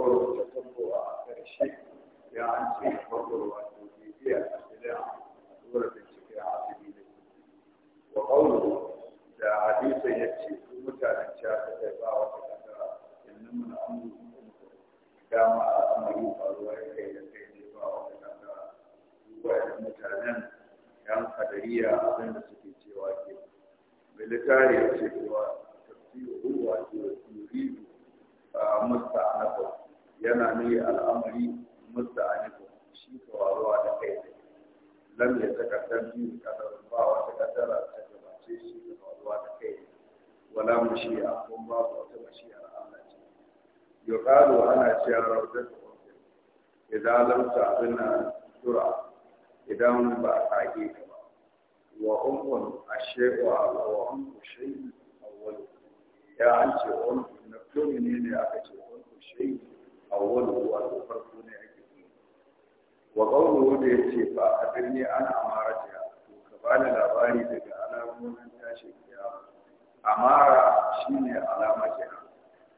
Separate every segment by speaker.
Speaker 1: for lamta abin na tura idan ba a kage ba wa ummun ashe wa wa ummu shay'in ya an ce ummu na kuma ne ne aka ce ummu shay'in awwal wa farko ne ake yi wa qawlu da a fa ana an amarata to ka bani labari daga alamomin tashi kiyama amara shine alama kenan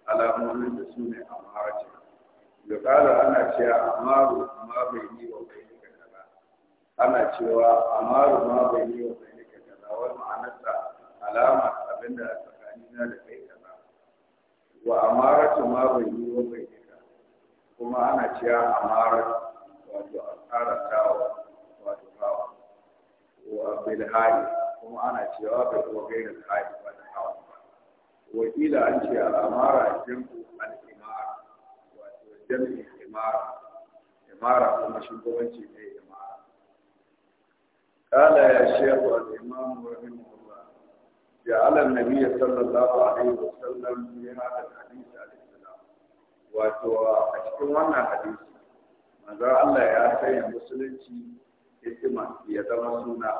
Speaker 1: alamomin da su ne amara amarata da ƙara ana cewa amaru ma bai yi wa bai yi kaza
Speaker 2: ana cewa amaru ma
Speaker 1: bai yi wa bai yi kaza wani ma'anarsa alama a tsakani tsakanina da kai kaza wa amaratu ma bai yi wa bai yi kaza kuma ana cewa Amara wato Tawa wato hawa wa bilhari kuma ana cewa bai kuma gairar hali ba da hawa wakila an ce amara jinku al'ina jami'in imara imara kuma shugabanci ne imara
Speaker 2: kala ya shehu
Speaker 1: al-imam rahimu Allah ya ala nabi sallallahu alaihi wasallam bi hada hadisi alaihi salam wato a cikin wannan hadisi manzo Allah ya sanya musulunci hikima ya zama suna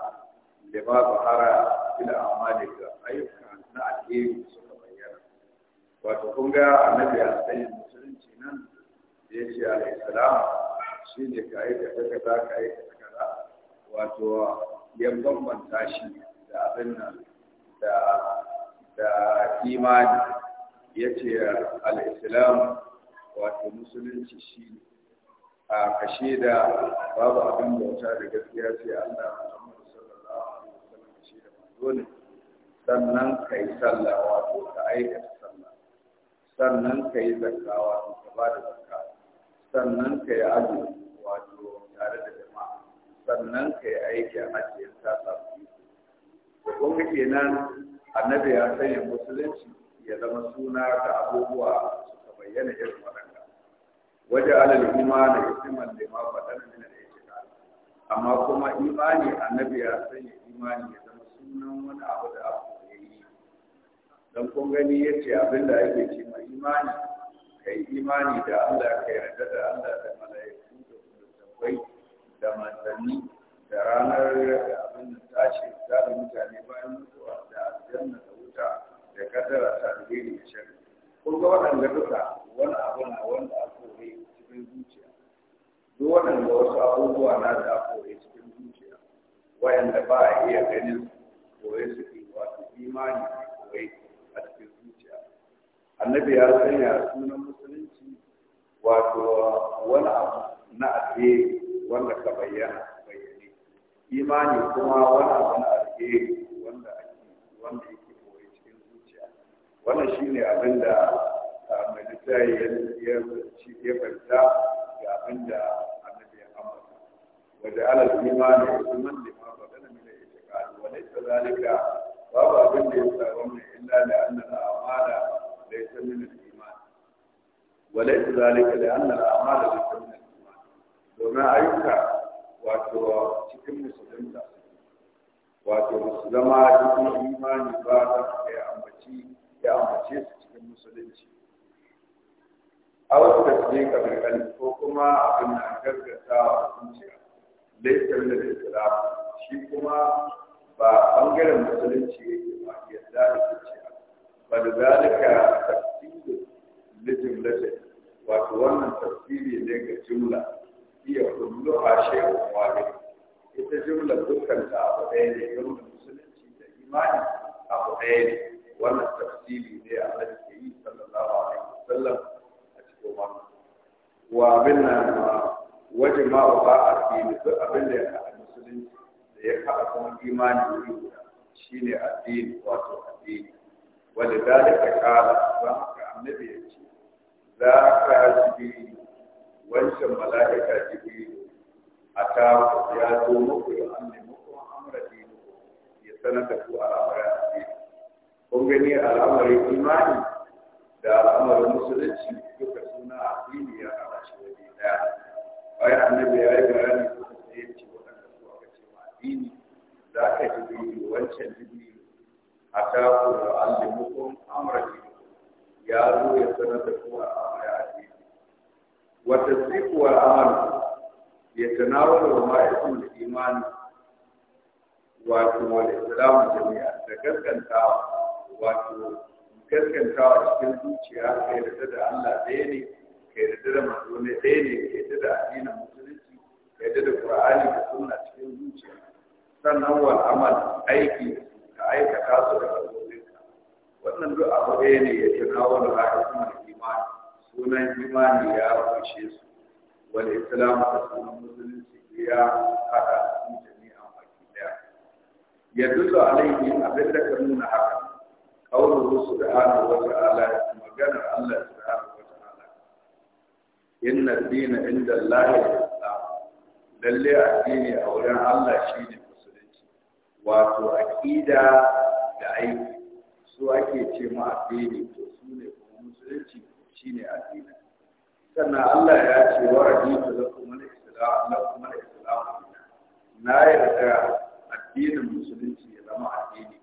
Speaker 1: da ba bahara ila amalika ayyuka na alheri suka bayyana wato kun ga annabi ya sanya musulunci nan ya ce alaihissalam shi ne ka aikata kaza ka aikata kaza wato ya bambanta shi da abin nan da da imani ya ce alaihissalam wato musulunci shi ne a kashe da babu abin bauta da gaskiya sai Allah Muhammadu sallallahu alaihi wasallam kashe da manzo ne sannan ka sallah wato ka aikata sallah sannan ka yi zakka wato ka ba da zakka sannan ka yi aji wato tare da jama'a sannan ka yi aiki a in ka da kuma kenan annabi ya sanya musulunci ya zama suna ta abubuwa ta bayyana irin waɗanda waje alal imani isman da ma faɗana min al amma kuma imani annabi ya sanya imani ya zama sunan wani abu da abu da yi dan kun gani yace da ake ce ma imani kai imani da Allah kai yarda da Allah da mala'iku da kullum da manzanni da ranar da abin da ta tashi da mutane bayan mutuwa da aljanna da wuta da kadara ta alheri da shari kun ga waɗanda duka wani abu na wanda a kore cikin zuciya duk waɗanda wasu abubuwa na da a kore cikin zuciya wayanda ba a iya ganin koyon su ke wato imani ne kore
Speaker 2: annabi ya sanya
Speaker 1: sunan musulunci wato wani abu na alheri wanda ka bayyana bayyane imani kuma wani abu na alheri wanda ake wanda yake koyi cikin zuciya wannan shine abin da mai littafi ya ya fahimta ga abin da annabi ya ambata wajen ala imani usman lima fadana min al-itiqad wa laysa zalika babu abin da ya sa wannan illa da annal amala ليس من الإيمان وليس ذلك لأن الأعمال ليس من الإيمان وما أيوكا واتو cikin wato zama ba ambaci cikin musulunci ko kuma abin da shi kuma ba bangaren musulunci yake ba yadda da zuciya فلذلك تفسير لجملة وتوانا تفسيري لك جملة هي كلها شيء واحد ita jumla dukkan ta abu ne jumla musulunci da imani abu wannan tafsiri ne a nan ke yi sallallahu alaihi wasallam a cikin wannan wa abin nan wajen ma ba a fili duk abin da ya musulunci da ya imani wuri guda shine addini wato addini wadda dalika kala don ka annabi ya ce za ka ji wancan mala'ika jibi a ta ya zo muku ya an nemi kuma amra ya sanar da ku al'amari a dini kun gani al'amarin imani da al'amarin musulunci duka suna a dini ya kama shi waje daya bayan annabi ya yi bayani kuma sai ya ce waɗanda su aka ce ma za ka ji wancan jibi ataku yu'allimukum amra ya zo ya sanar da ku al'amari a addini wa tasdiqu wal amal yatanawalu ma'atul iman
Speaker 2: wato wal islam
Speaker 1: jami'a da gaskantawa wato gaskantawa cikin zuciya kai da da Allah ɗaya ne kai da da manzo ne ɗaya ne kai da addinin musulunci kai da da Qur'ani da sunna cikin zuciya sannan wal amal aiki aikata su da kalmominka wannan duk abu ɗaya ne ya tuna wani ra'ayin imani sunan imani ya kushe su Wani islam da sunan musulunci ya haɗa su jami'an baki ɗaya ya duka alaihi abin da ka nuna haka kaunar su da hana wata ala maganar allah su da hana wata ala inna dina inda allah ya lalle addini a wurin allah shi ne. wato aƙida da aiki su ake ce ma addini to su ne kuma musulunci shi ne addini sannan Allah ya ce wa raditu lakum al-islam lakum al-islam na yarda addinin musulunci ya zama addini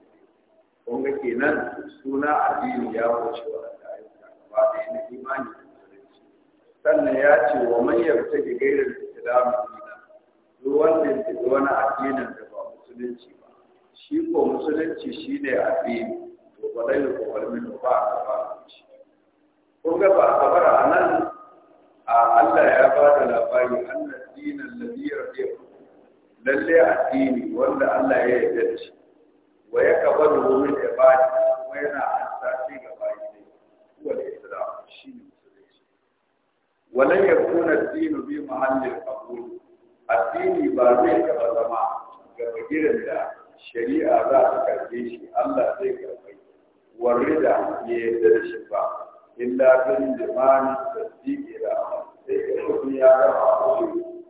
Speaker 1: kun ga kenan suna addini ya wuce wa ayyuka ba da yana imani da musulunci sannan ya ce wa man yarta ga gairar islam dina duk wanda ya wani addinin da ba musulunci shi ko musulunci shi ne a fi to ba zai da kowar ba a gaba shi kun ga ba a gabar a nan a Allah ya ba da labari annan dinan ladiyar da lalle addini wanda Allah ya yi dace wa ya da min da kuma yana asasi ga bayi ne kuwa da islam shi ne musulunci
Speaker 2: walan yakuna ad
Speaker 1: biyu bi mahallil qabul addini ba zai taba zama ga bagiran da shari'a za ta karbe shi Allah zai karbe da ya yarda da shi ba illa bin limani tasdiqi da sai ka mutum ya rama shi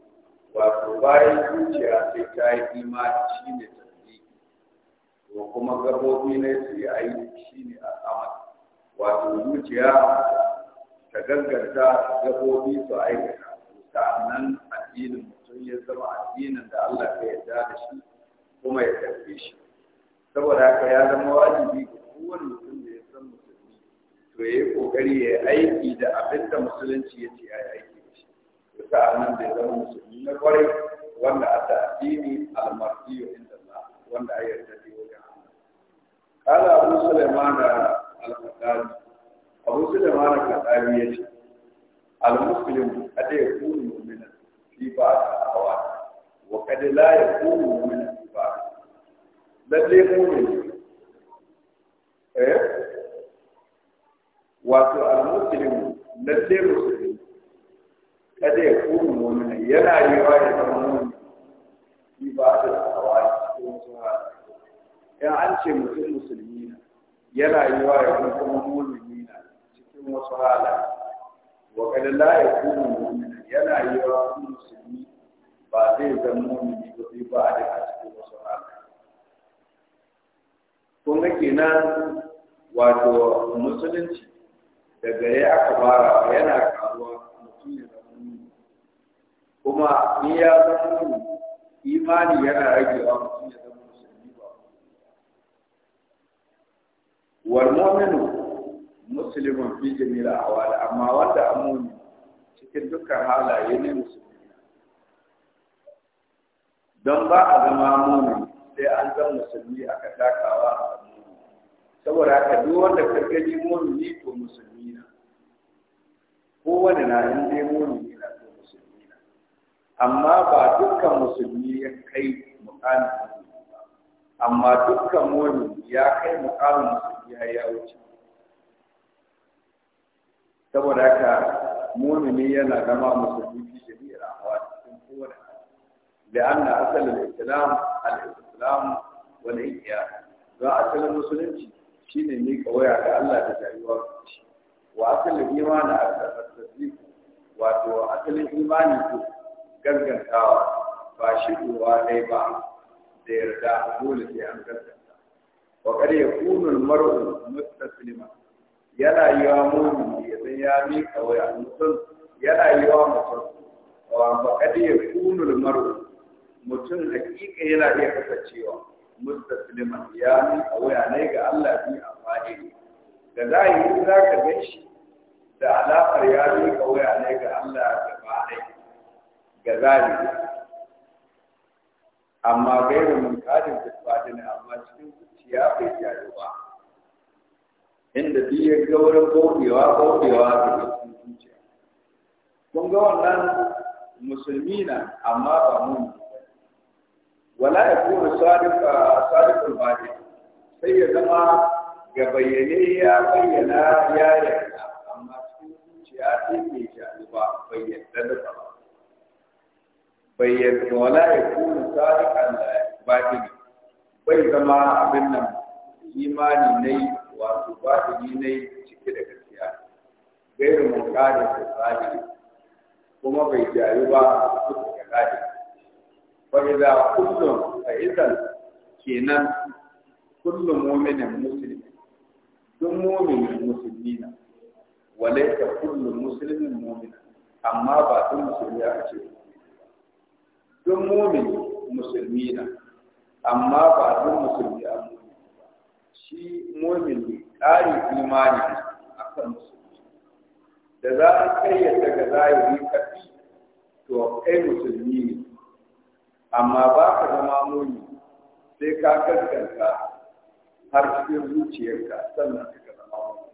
Speaker 1: wato bayan zuciya sai ta yi imani shi ne tasdiqi to kuma gabobi ne su yi aiki shi ne al'amal wato zuciya ta gaggarta gabobi su aikata sa'annan addinin mutum ya zama addinin da Allah ya yarda da shi kuma ya karbe shi saboda haka ya zama wajibi ga kowane mutum da ya san musulmi to ya yi kokari ya yi aiki da abin da musulunci ya ce ya yi aiki da shi to nan da ya zama musulmi na kwarai wanda a ta'adini al-mardiyu inda Allah wanda a yarda da yau ga قال أبو سليمان الخطابي أبو سليمان الخطابي يجي المسلم قد يكون مؤمنا في بعض wa وقد لا يكون مؤمنا lalle mu ne eh wato al-muslim lalle musulmi kada ya kuma mu'mina yana yiwa ya zama mu'min shi ba da tsawa cikin wasu hali in an ce mutum musulmi na yana yiwa ya kuma kuma mu'mini na cikin wasu halaye. wa kada la ya kuma mu'mina yana yiwa kuma musulmi ba zai zama mu'mini ba sai ba da Kuma kenan wato musulunci da gare aka fara yana karuwa mutum ya zama kuma in ya zama imani yana ragewa mutum ya zama musulmi ba wal mu'minu muslimun fi a ahwal amma wanda amuni cikin dukkan halaye ne musulmi don ba a zama mumin sai an zama musulmi aka takawa a saboda haka duk wanda ka gani ni to musulmi na wani na in dai mumini na to musulmi na amma ba dukkan musulmi ya kai mukamin musulmi ba amma dukkan mumini ya kai mukamin musulmi ya wuce saboda haka ne yana zama musulmi fi shari'ar ahwal cikin kowane لأن wani iya. za a وأصل musulunci Shi ne mika waya ga Allah da rayuwa shi wa asalin imani a tasdiq wato asalin imani ko gaggantawa ba shi kuwa dai ba da yarda dole sai an gaskata wa kar kunun mar'u mustaslima yana yiwa mu ya san ya mika waya mutum yana yiwa mutum wa ba kar kunun mar'u mutum hakika yana iya kasancewa mustasliman ya ni a waya ne ga Allah bi a fadi da za a zahiri za ka gan shi da alaƙar ya ni a waya ne ga Allah da fadi ga zahiri amma gairu mun kadin fadi ne amma cikin zuciya bai jaru ba inda duk ya ga wurin bauɗewa bauɗewa da cikin zuciya kun ga wannan musulmi na amma ba mun wala ya kuma sadiqul badi sai ya zama ga bayyane ya bayyana ya yarda amma cikin zuciya ce ke shaɗu ba bayyana da ba
Speaker 2: bayyana wala ya
Speaker 1: kuma sadiqul badi bai zama abin nan imani ne wato batini ne cike da gaskiya gairu mun kada da sadiq kuma bai jayu da su ga wa idza kullum fa idan kenan kullum mu'minin muslimi duk mu'minin musulmi na walaita kullum muslimin mu'min amma ba duk musulmi aka ce duk mu'min musulmi na amma ba duk musulmi a mu'min shi mu'min ne ƙari imani musulmi da za a kayyata ga zahiri kafi to kai musulmi amma ba ka zama muni sai ka kaskanta har cikin zuciyarka sannan ka zama muni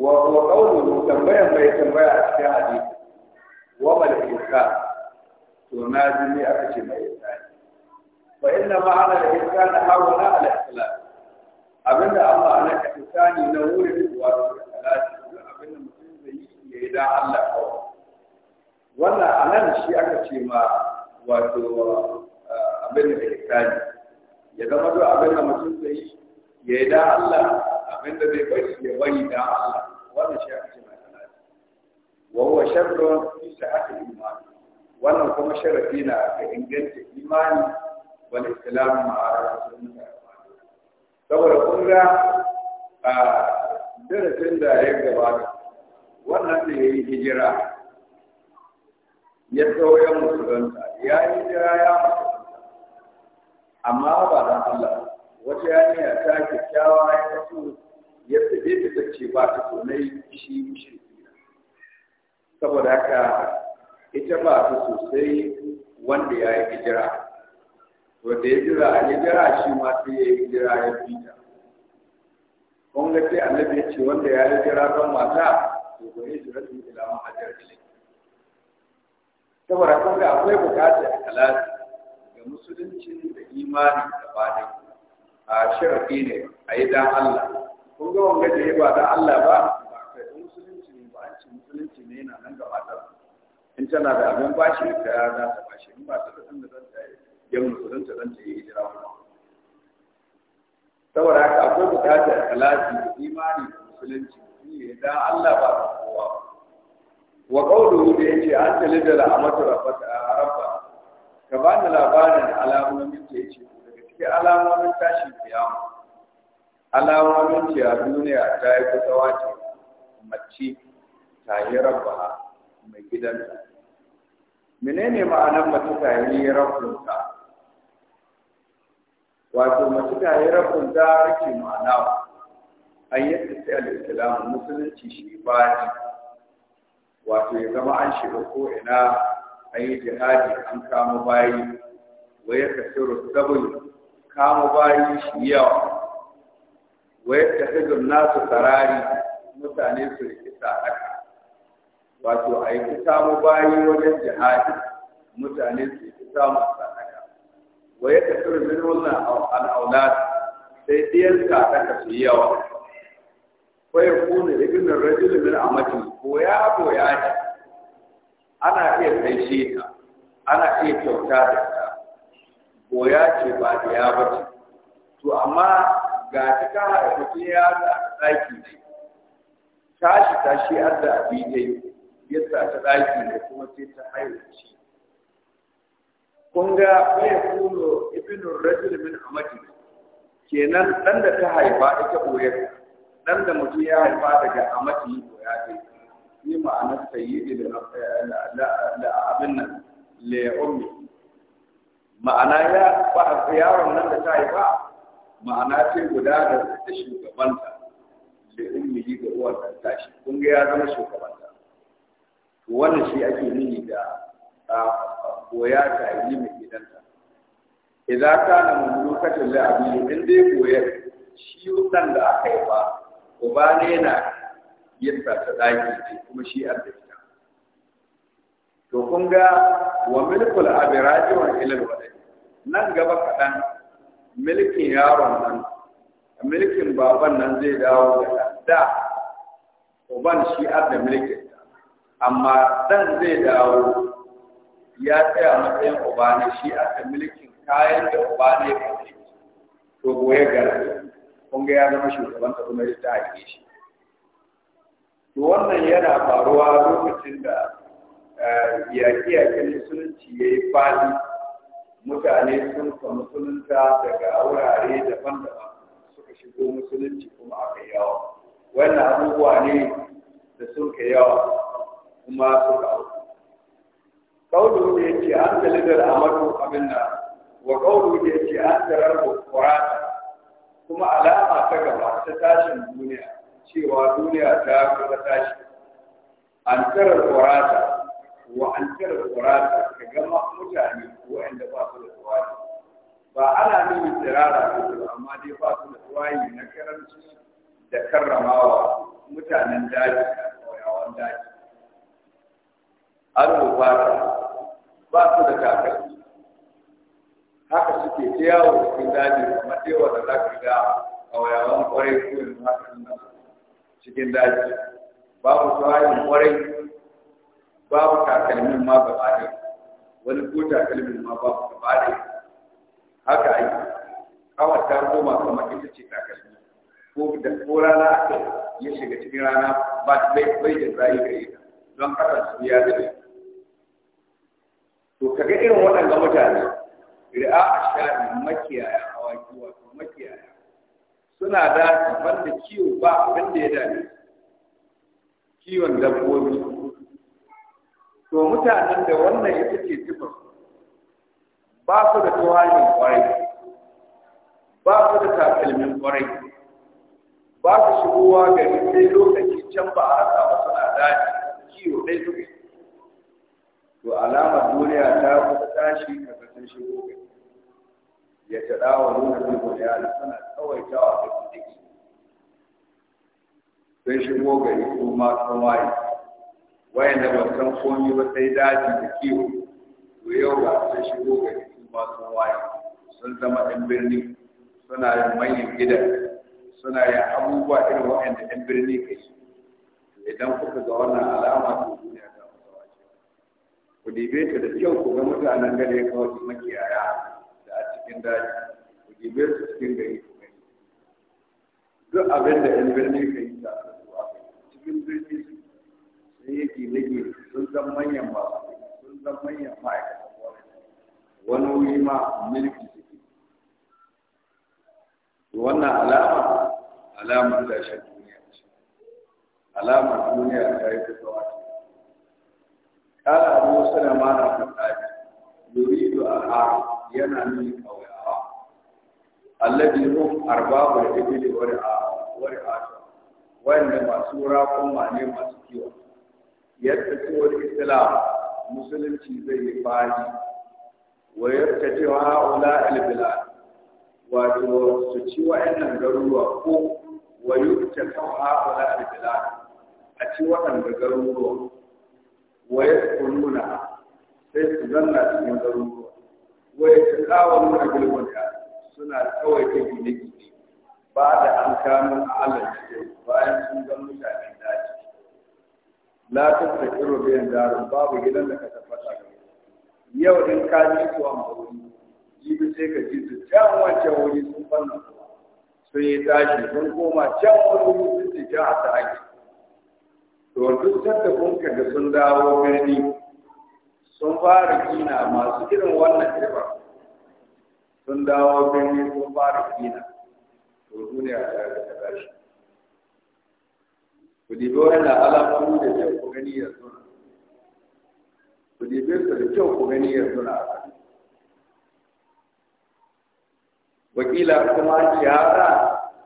Speaker 1: wa wa qawlu tambaya mai tambaya a cikin hadisi wa malaika to na ji aka ce mai insa fa inna ma'ana al insana hawala al ikhlas abinda amma ana ka tsani na wurin wato salati abinda mutum zai yi ya yi da Allah kawai wannan a nan shi aka ce ma wato abin da ke kani ya zama duk abin da mutum zai yi ya yi da Allah abin da zai bari ya bari da Allah wannan shi aka ce ma salati wa huwa sharrun fi sa'ati iman wannan kuma sharafi na ga inganta imani wal islam ma'a da saboda kun ga darasin da ya gabata wannan da ya yi hijira ya sauya musulunta ya yi jira ya musulunta amma ba da Allah wata yarinya ta kyakkyawa ya kasu ya tsaye da ta ce ba ta tonai
Speaker 2: shi mushriki
Speaker 1: saboda haka ita ba ta sosai wanda ya yi hijira wanda ya jira a hijira shi ma sai ya yi hijira ya bi ta kun ga sai annabi ya ce wanda ya yi hijira don mata to ba ya jira su ila mahajar ilimi saboda kun ga akwai bukatar ikhlasi ga musulunci da imani da bada a sharafi ne a yi dan Allah
Speaker 2: kun ga wanga da ya ba dan Allah ba
Speaker 1: ba kai musulunci ne ba an ce musulunci ne yana nan gaba da in tana da abin bashi da za ta bashi in ba ta da san da zan ta yi yan musulunta zan ta yi hijira ba saboda haka akwai bukatar ikhlasi da imani da musulunci ne dan Allah ba kowa ba wa qawluhu da yake an talida da amatu rabbaka rabba ka bani labarin alamomin da yace daga cikin alamomin tashin kiyama alamomin ce a duniya ta yi kusa, ce mace ta yi rabba mai gidanta menene ma'anar mace ta yi rabbunta wato mace ta yi rabbunta rake ma'ana an yi tafiya da islamu musulunci shi ba ne wato ya zama an shiga ko ina an yi jihadi an kama bayi wa ya kasiru sabon kama bayi shi yawa wa ya kasiru nasu tsarari mutane su rikita haka wato a yi kisa mu bayi wajen jihadi mutane su rikita masu haka wa ya kasiru min wannan al'aulat sai ɗiyar sadaka su yawa ko ya kuna ibn rajul min amati ko ya ko ya ana iya kai ta ana iya kyauta da ta goya ce ba da ya ce. to amma ga ta ka haɗa mutum ya da tsaki ne tashi shi an da abi ne ya sa ta tsaki ne kuma sai ta haihuci kun ga ya kuno ibn rajul min amati kenan dan da ta haifa ita goyar dan da mutum ya haifa daga amati goya ce shi ma'anar sayyidi da abin nan le'ummi ma'ana ya ba yaron nan da ta yi ba ma'ana ce guda da shugabanta le'ummi ga uwar da tashi kun ga ya zama shugabanta wannan shi ake nuni da koya ta yi mai gidanta idan ka na lokacin la'abi in dai koyar shi yutan da aka yi ba uba ne yana yadda ta daki ce kuma shi an da ita to kun ga wa milkul abiraji wa ilal wadai nan gaba kaɗan milkin yaron nan milkin baban nan zai dawo da da uban shi an da milkin amma dan zai dawo ya tsaya matsayin uba ne shi da milkin kayan da uba ne ya to goye gara kun ga ya zama shugaban ta kuma ya ta haƙe shi to wannan yana faruwa lokacin da eh, yaƙi-yaƙin musulunci ya yi fadi mutane sun fa musulunta daga wurare daban-daban suka shigo musulunci kuma aka yawa wannan abubuwa ne da suka yawa kuma suka hau. kaulu da ce an a amadu abin nan wa ƙaunar da ce an tarar da kuma alama ta gaba ta tashin duniya cewa duniya ta kusa tashi an tara tsorata wa an tara tsorata ka gama mutane waɗanda ba su da tsawaye ba ana nuna tsirara su amma dai ba su da tsawaye na karanci da karramawa mutanen daji da ƙauyawan daji an rubata ba su da takalmi haka suke ta yawo cikin daji kamar yawa da za ka ga ƙauyawan ƙwarai ko yanzu haka suna cikin daji babu tsarin kwarai babu takalmin ma gaba ɗaya wani ko takalmin ma babu gaba ɗaya haka ai kawai ta koma kamar ita ce takalmi ko da ko rana aka ya shiga cikin rana ba bai bai da zai ga ita don haka su ya da to kaga irin waɗannan mutane ri'a a makiyaya awaki wato makiyaya suna daji da kiwo ba abin da ya dame kiwon dabbobi to mutanen da wannan ita ce tufa ba su da tuwanin kwarai ba su da takalmin kwarai ba su shigowa gari sai lokaci can ba a rasa ba suna daji kiwo ɗai suke to alamar duniya ta kusa tashi kaga sun shigo ya tada wa nuna bin gudana suna tsawaitawa da su ciki sun shigo gari su ma sun waye wayanda ba san komi ba sai daji da kiwo to yau ba sun shigo gari su ma sun waye sun zama ɗan birni suna yin manyan gidan suna yin abubuwa irin wa'anda ɗan birni ka yi idan kuka ga wannan alama to
Speaker 2: duniya ta musawa ce
Speaker 1: ku dibe ta da kyau ku ga mutanen gare kawai makiyaya cikin daji ku dibe su cikin gari ku gani duk abin da yan birni ka yi ta su cikin birni su sun zan manyan masu sun zan manyan
Speaker 2: wani wuri ma
Speaker 1: suke wannan alama alamar tashin duniya ce alamar duniya ta yi fitowa ce yana nuni kauyawa
Speaker 2: allabi hum arbabul ibili
Speaker 1: wani war'a wanda masu raƙuma ne masu kiwa yadda tsohon islam musulunci zai yi fadi wa yadda cewa haula albila wato su ci wa'annan garuruwa ko wa yadda cewa haula albila a ci waɗanda garuruwa wa yadda kununa sai su zanna cikin garuruwa wai ta kawo nuna bilwata suna tsawaita gine-gine ba da an kano a allah cikin bayan sun ga mutane daji Na da kiro biyan darin babu gidan da ka tabbata ga yau din ka ji su a mawuni jibi sai ka ji su can wancan wuri sun fanna sun yi tashi sun koma can wani wuri sun ce can hasa ake to duk sanda kun kaga sun dawo birni sun fara kina masu irin wannan riba sun dawo birni sun fara kina to duniya ta ga ta tashi ku dibi wannan alamomi da kyau ku gani yanzu ku dibe su da kyau ku gani yanzu na asali wakila kuma an yara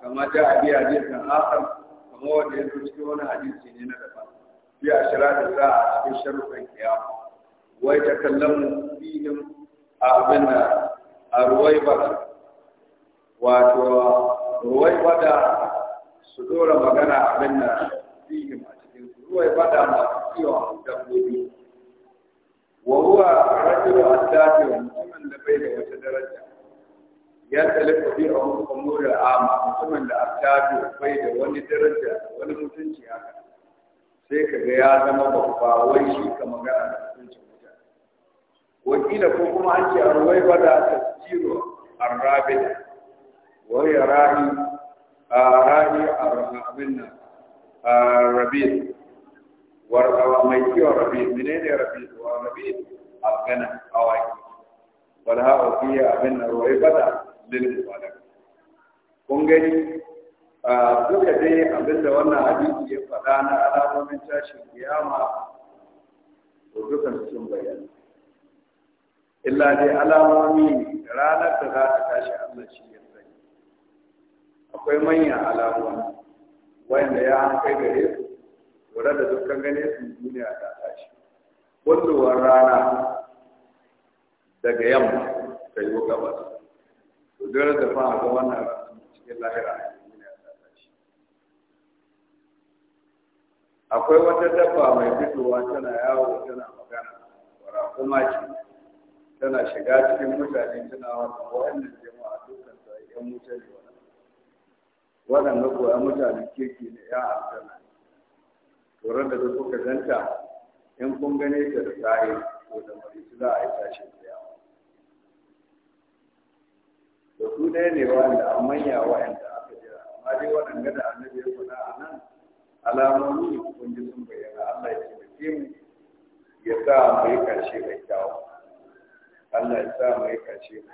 Speaker 1: kama ta abi hadisin akan kama wanda ya zo wani hadisi ne na daban fi ashira da sa a cikin sharuɗan kiyama wai ta kallon fihim a abin da a ruwai bada wato ruwai da su dora magana abin da fihim a cikin ruwai da masu a dabbobi wa huwa rajulu addati wa mutumin da bai da wata daraja ya talifa bi a umurul amma mutumin da addati bai da wani daraja da wani mutunci haka sai kaga ya zama babba wai shi ka magana da mutuncin wakila ko kuma an ce arwai ba da tasjiro arrabida wai rahi a rahi arrabin nan rabin warkawa mai kiwa rabin ne rabi wa rabin afgana awaki wal ha'a a abin arwai ba bada lil mubalagha kun gani duka dai abinda wannan hadisi ya faɗa na alamomin tashin kiyama to dukan sun bayyana illa dai alamomi ranar da za ta tashi Allah shi ya sani akwai manyan alamomi wanda ya an kai gare su lura da dukkan gane su duniya ta tashi kullowar rana daga yamma ta yi gaba, to dole da fa ga wannan cikin lahira duniya ta tashi akwai wata dabba mai fitowa tana yawo tana magana wara kuma ce tana shiga cikin mutane tana wannan jama'a dukkan su yan mutane wannan. ko yan mutane kirki ne ya to tsoron da kuka zanta in kun gane ta da tsaye ko da marisu za a yi tashin tsayawa da su ɗaya ne wanda an manya wa'anda aka jira amma dai wannan gada annabi ya faɗa a nan alamomi kun ji sun bayyana Allah ya ce mu ya sa mai ƙarshe mai kyawu Allah ya sa mai kace mu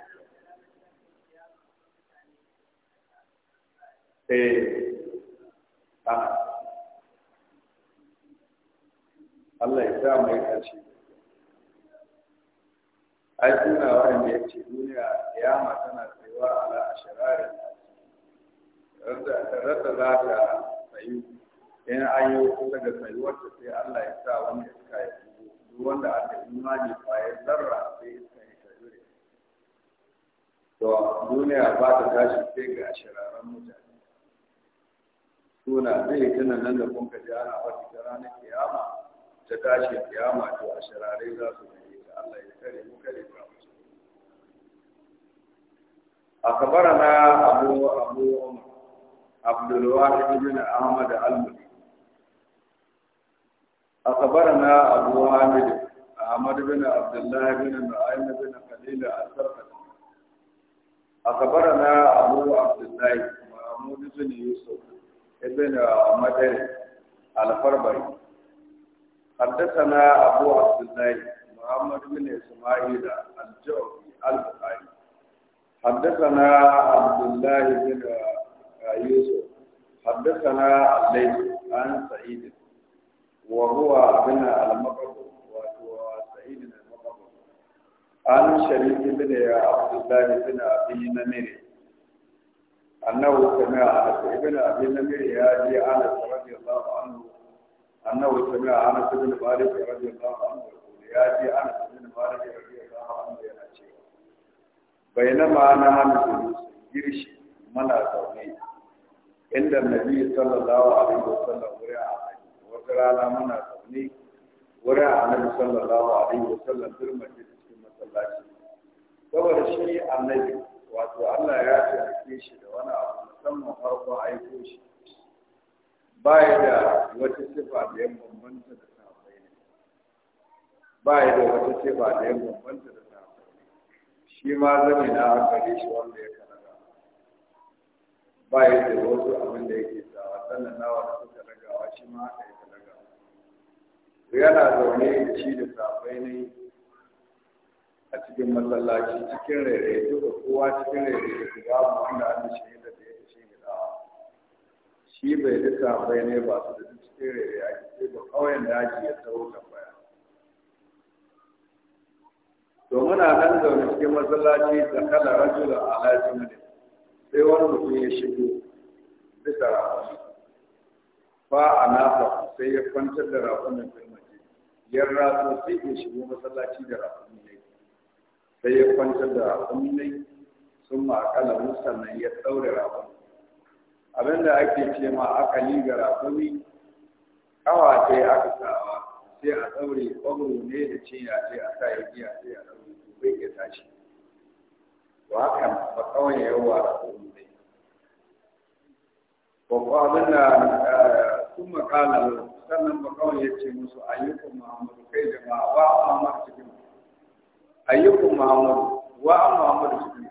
Speaker 2: eh
Speaker 1: a Allah ya sa mai kace ai kuma wanda ya ce duniya ma tana tsayuwa ala ashirarin rada za ta tsayu in an yi kusa ga tsayuwarta sai Allah ya sa wanda suka ya tubo duk wanda aka imani ya zarra sai
Speaker 2: to duniya ba ta tashi
Speaker 1: sai ga shiraran mutane
Speaker 2: suna zai tana nan da kun
Speaker 1: kaji ana wata ta ranar kiyama ta tashi kiyama to a shirarai za su gani ta Allah ya kare mu kare ta mu أخبرنا أبو أبو عمر عبد الواحد بن أحمد المدي أخبرنا أبو حامد أحمد بن عبد الله بن نعيم بن خليل السرقة أخبرنا أبو عبد الله محمود بن يوسف ابن مدر الفربري حدثنا أبو عبد الله محمد بن إسماعيل الجوفي البخاري حدثنا عبد الله بن يوسف حدثنا الليث عن سعيد
Speaker 2: وهو ابن المقبول an shariki bin ya abdullahi
Speaker 1: bin abi namiri annahu sami'a anas ibn abi namiri ya ji anas radiyallahu anhu annahu sami'a anas ibn malik radiyallahu anhu ya ji anas ibn malik radiyallahu anhu yana cewa Bai na hannu girshi mana zaune inda nabi sallallahu alaihi wasallam wurin annabi wata rana muna zaune wurin annabi sallallahu alaihi wasallam turmaji masallaci saboda shi annabi wato Allah ya taimake shi da wani abu musamman farkon aiko shi baya da wata sifa da ya bambanta da sahabbai ne baya da wata sifa da yan bambanta da sahabbai shi ma zame na hankali shi wanda ya karaga ya da wasu abin da yake sawa sannan nawa da suka ragawa shi ma haka ya karaga yana zaune shi da sahabbai ne a cikin masallaci cikin rere duka kowa cikin rere da babu wanda an shahida da ya shi da shi bai da bai ne ba su da cikin rere a cikin da kauyen daji ya taho tambaya to muna nan zaune cikin masallaci da kala rajula ala ne sai wani mutum ya shigo bisa Ba a anafa sai ya kwantar da rakumin filmaji ya rasu sai ya shigo masallaci da rakumi ne sai ya kwantar da rakunnai sun ma'akala musannan ya ɗaure rakun abinda ake ce ma akali ga rakumi kawa ce aka sawa sai a ɗaure ƙwaro ne da cinya ce a sa ya giya sai a ɗaure su bai ya tashi to haka ba kawai yawa rakumi ne babba abinda eh, sun makala sannan ba kawai ya ce musu ayyukan muhammadu kai jama'a ba a mamar cikin ayyuku muhammad wa an muhammad su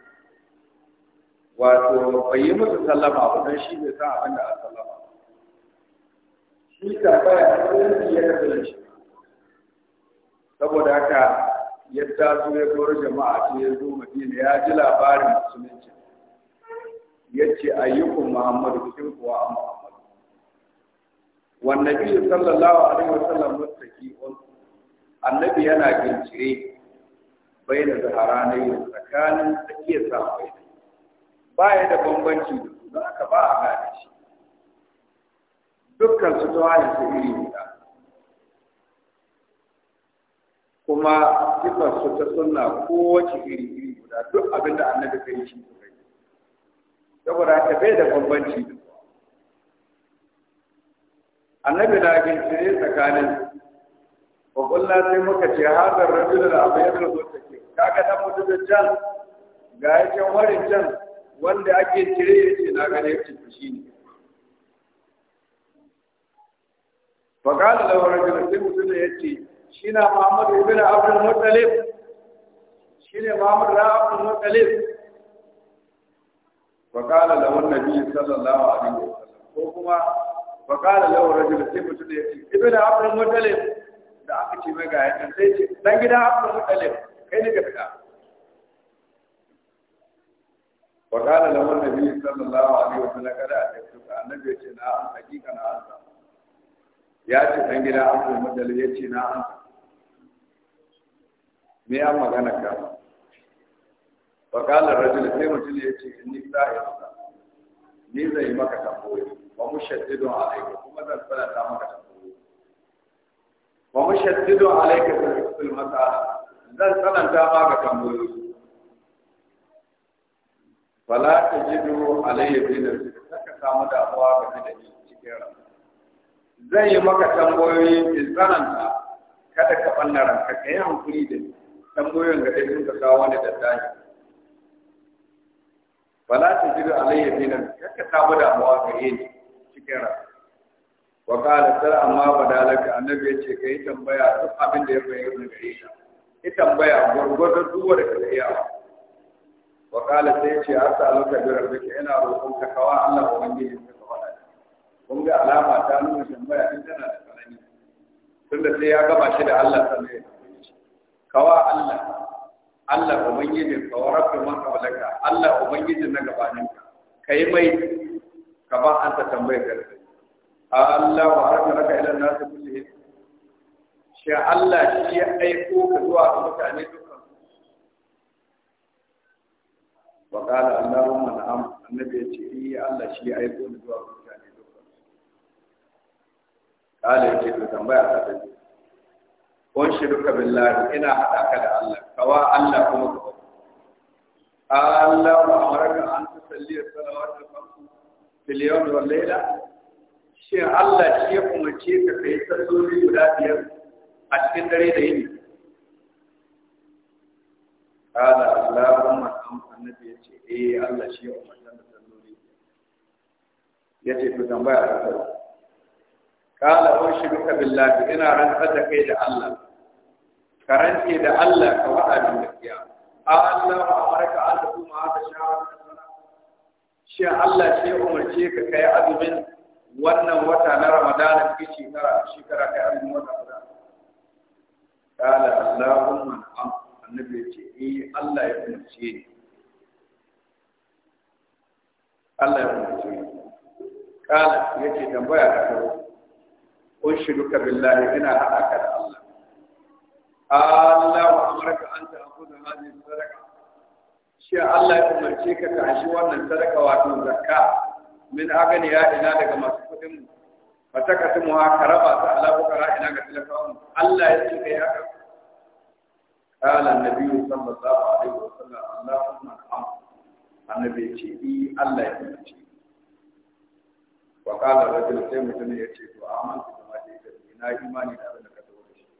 Speaker 1: wato bai yi musu sallama ba don shi bai san abin da sallama shi tambaya ko ya da shi saboda haka yadda su ya koro jama'a ce ya zo madina ya ji labarin musulunci ya ce ayyukun muhammadu kuwa an muhammadu wannabi sallallahu alaihi wasallam mutaki on annabi yana gincire bai da zahara na yi tsakanin tsakiyar sahabbai ba ya da bambanci da su ba a gane shi dukkan su tawaye su iri guda kuma sifar su ta sunna kowace iri iri guda duk abin da annabi kai shi su kai saboda haka bai da bambanci da su annabi na gincire tsakanin wa sai muka ce hadar rajulul abyad da kaga mutu da can ga yakin warin can wanda ake cire yace na gane yace shi ne faqala lahu rajul sai mutumin yace shine Muhammad ibn Abdul Muttalib shine Muhammad ibn Abdul Muttalib faqala lahu an-nabi sallallahu alaihi wasallam ko kuma faqala lahu rajul sai mutumin yace ibn Abdul Muttalib da aka ce mai ga yakin sai ce dan gidan Abdul Muttalib kai ne ka fita wa kana lahu annabi sallallahu alaihi wa sallam kada a tafi annabi ya ce na an hakika na an ya ce dan gida Abdul Muttalib ya ce na an me ya magana ka wa kana rajul sai mutum ya ce inni sa'ir ni zai yi maka tamboyi wa mushaddidun alayka kuma zan fara ta maka tamboyi wa mushaddidun alayka fil mas'ala dan tsananta ma ga tambayoyi fala ta jidu alayya bi nafsi saka samu da abuwa ga da cikin ran
Speaker 2: zai yi maka tambayoyi in
Speaker 1: tsananta kada ka banna ranka kai hankuri da tambayoyin ga dai sun ka kawo ne da tashi fala ta jidu alayya bi nafsi saka samu da abuwa ga ni cikin ran wa qala sar amma badalaka annabi ya ce kai tambaya duk abin da ya bayyana gare ka ita tambaya gwargwadon duk da ka yawa. wa kala sai ce asalu ka bi rabbika ina roƙon ka kawa Allah wa ubangiji ka kawa kun ga alama ta nuna tambaya in tana da tsanani
Speaker 2: tunda sai ya gama shi da Allah
Speaker 1: sannan ya kawa Allah Allah ubangiji ka wa rabbi man qablaka Allah ubangiji na gabanin ka kai mai ka ba an ta tambayar ka Allah wa rabbi raka ila nasu kulli shi Allah shi ya aiko ka zuwa ga mutane dukkan wa qala allahumma na'am annabi ya ce eh Allah shi ya aiko ni zuwa ga mutane dukkan qala ya ce to tambaya ta ce kun shi duka billahi ina hada ka da Allah kawa Allah kuma ka Allah wa amaraka an tusalli salawatu al-khamsu fil yawmi wal layla shi Allah shi ya umarce ka kai salloli guda biyar a cikin dare da yini kada Allahumma an annabi ya ce eh Allah shi ya umarta da salloli ya ce to tambaya ta kai kada wa shirka billahi ina rantsar da kai da Allah karance da Allah ka wa'adin gaskiya a Allah wa amarka Allah kuma haka shawara shi Allah shi ya umarce ka kai azumin wannan wata na Ramadan cikin shekara shekara kai azumin wata guda kala Allahumma na'am annabi ya ce eh Allah ya umarce ni Allah ya umarce ni kala ya ce tambaya ka kawo ushruka billahi ina haɗaka da
Speaker 2: Allah Allah wa
Speaker 1: amarka anta akhudha hadhihi sadaqa
Speaker 2: shi Allah ya umarce ka ka wannan ya daga masu kuɗin mu fata ka tumu haka raba ta Allah kara ina ga
Speaker 1: talakawan Allah ya ce kai haka قال النبي صلى الله عليه وسلم اللهم ارحم annabi ce i eh, Allah ya ce wa qala rajul sai mutum ya ce to da kuma dai na imani da abin da ka tawo da shi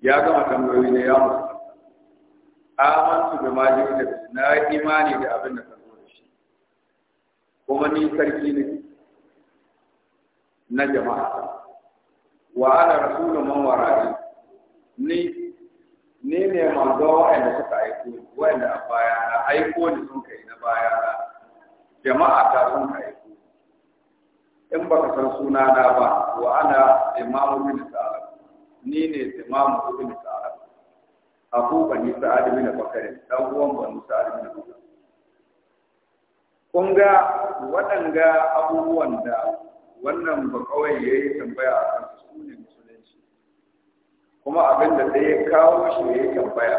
Speaker 1: ya gama tambayoyi ne ya su da bima ji'ta na imani da abin da ka tawo da shi kuma ni sarki ne na jama'a wa ala rasulun man wara'i ni ni ne manzo wa'anda suka aiko ni wa'anda a baya na aiko ni sun kai na baya na jama'a ta sun kai aiko in baka san suna na ba wa ana imamu bin sa'ad ni ne imamu bin sa'ad abu bani sa'ad bin bakari dan uwan bani sa'ad bin bakari kun ga waɗanga abubuwan da wannan ba kawai ya yi tambaya a kan su ne musulunci kuma abin da ɗaya kawo shi ya yi tambaya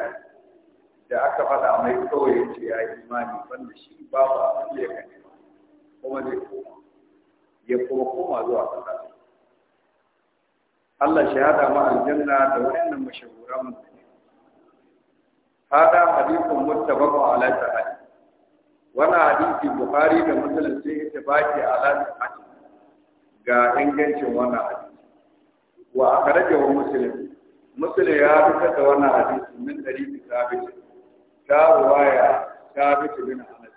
Speaker 1: da aka faɗa mai kawai ya ce ya yi imani wanda shi ba ba abin da ya kan nema kuma zai koma ya kuma koma zuwa ƙasa. Allah shi hada ma aljanna da wannan mashahuran mutane hada hadithun muttafaqun ala sahih wannan hadisi bukhari da muslim sai ya tabaki ala sahih ga ingancin wannan hadisi wa rage wa muslim muslim ya fitar da wannan hadisi min dari sabit ta ruwaya sabit bin anas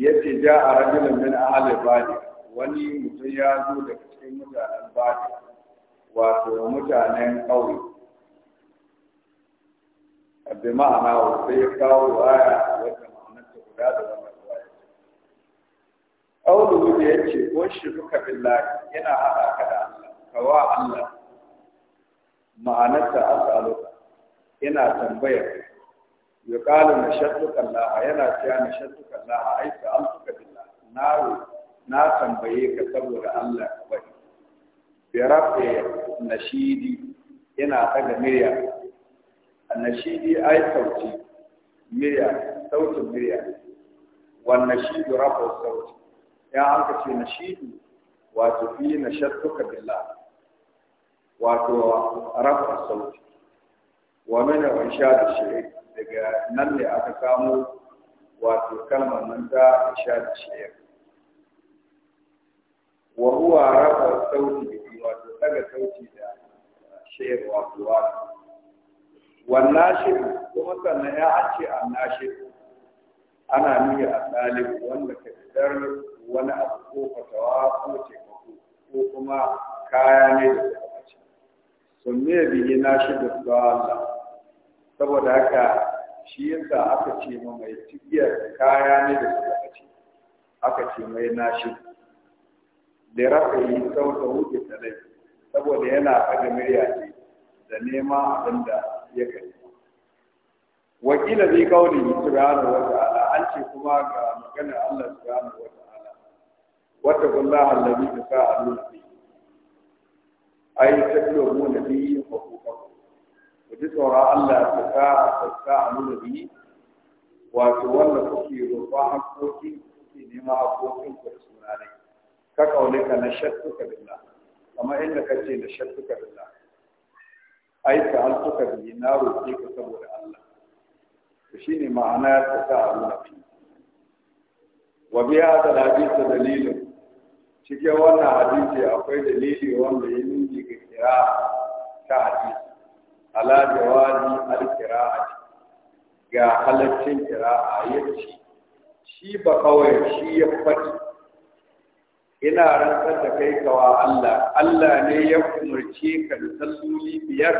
Speaker 1: yace ja a rajulun min ahli badi wani mutum ya zo daga cikin mutanen badi wato mutanen kauye bi ma'ana wasu ya kawo ruwaya wata ma'anar ta guda da ƙaulu da ya ce ko shi suka billahi yana haɗa ka da Allah kawa Allah ma'anarsa asaluka yana tambayar ya ƙalu na shattuka Allah yana cewa na shattuka Allah ai suka billahi na na tambaye ka saboda Allah ka bari bi rafi nashidi yana daga a annashidi ai sauti murya sautin murya wannan shi rafa sauti ya haka ce na shidu wato fi na shattuka billah wato rafa sauti
Speaker 2: wa mana wa sha da shi
Speaker 1: daga nan ne aka samo wato kalmar nan ta sha da shi'ir wa huwa rafa sauti bi wato daga sauti da shi'ir wato wato wannashir kuma sannan ya ce annashir ana nuna a ɗalibu wanda ka fitar wani abu ko fatawa ko taimako ko kuma kaya ne da suka ɓace sun me biye na shi da Allah saboda haka shi yasa aka ce ma mai tibiyar kaya ne da suka ɓace aka ce mai na shi da rafa yi sauta wuce talai saboda yana ɗaga murya ce da nema abin da ya gani wakila bi kauli subhanahu wa ta'ala an ce kuma ga maganar Allah subhanahu wa ta'ala واتقوا الله الذي تساءلون به أي تبلغون به حقوقكم وتسعر ألا تساءلون به وتولى كفي رضا حقوقي إنما حقوقي فرسول عليك كقولك نشدتك بالله وما إنك تي بالله أي سألتك به نار وفيك الله وشيني معناه تساءلون به وبهذا الحديث دليل cikin wannan hadisi akwai dalili wanda ya nuni ga kira ta hadisi ala jawazi al-qira'ati ga halaccin qira'a yace shi ba kawai shi ya faɗi ina rantsar da kai kawa Allah Allah ne ya umarce ka da biyar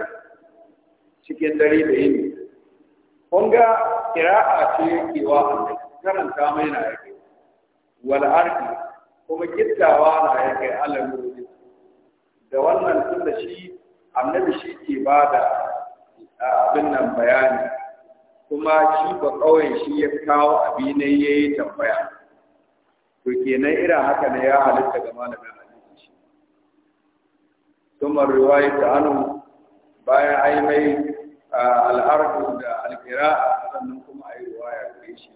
Speaker 1: cikin dare da yini kun ga qira'a ce yake wa Allah karanta mai na yake wal ardi kuma kittawa na ya kai alamuri da wannan tun da shi annabi shi ke ba da abin nan bayani kuma shi ba kawai shi ya kawo abi ya yi tambaya to kenan irin haka ne ya halitta ga malamin hadisi shi tumar riwayi ta anu
Speaker 2: bayan ai mai al'ardu da
Speaker 1: alkira sannan kuma ai riwaya gare shi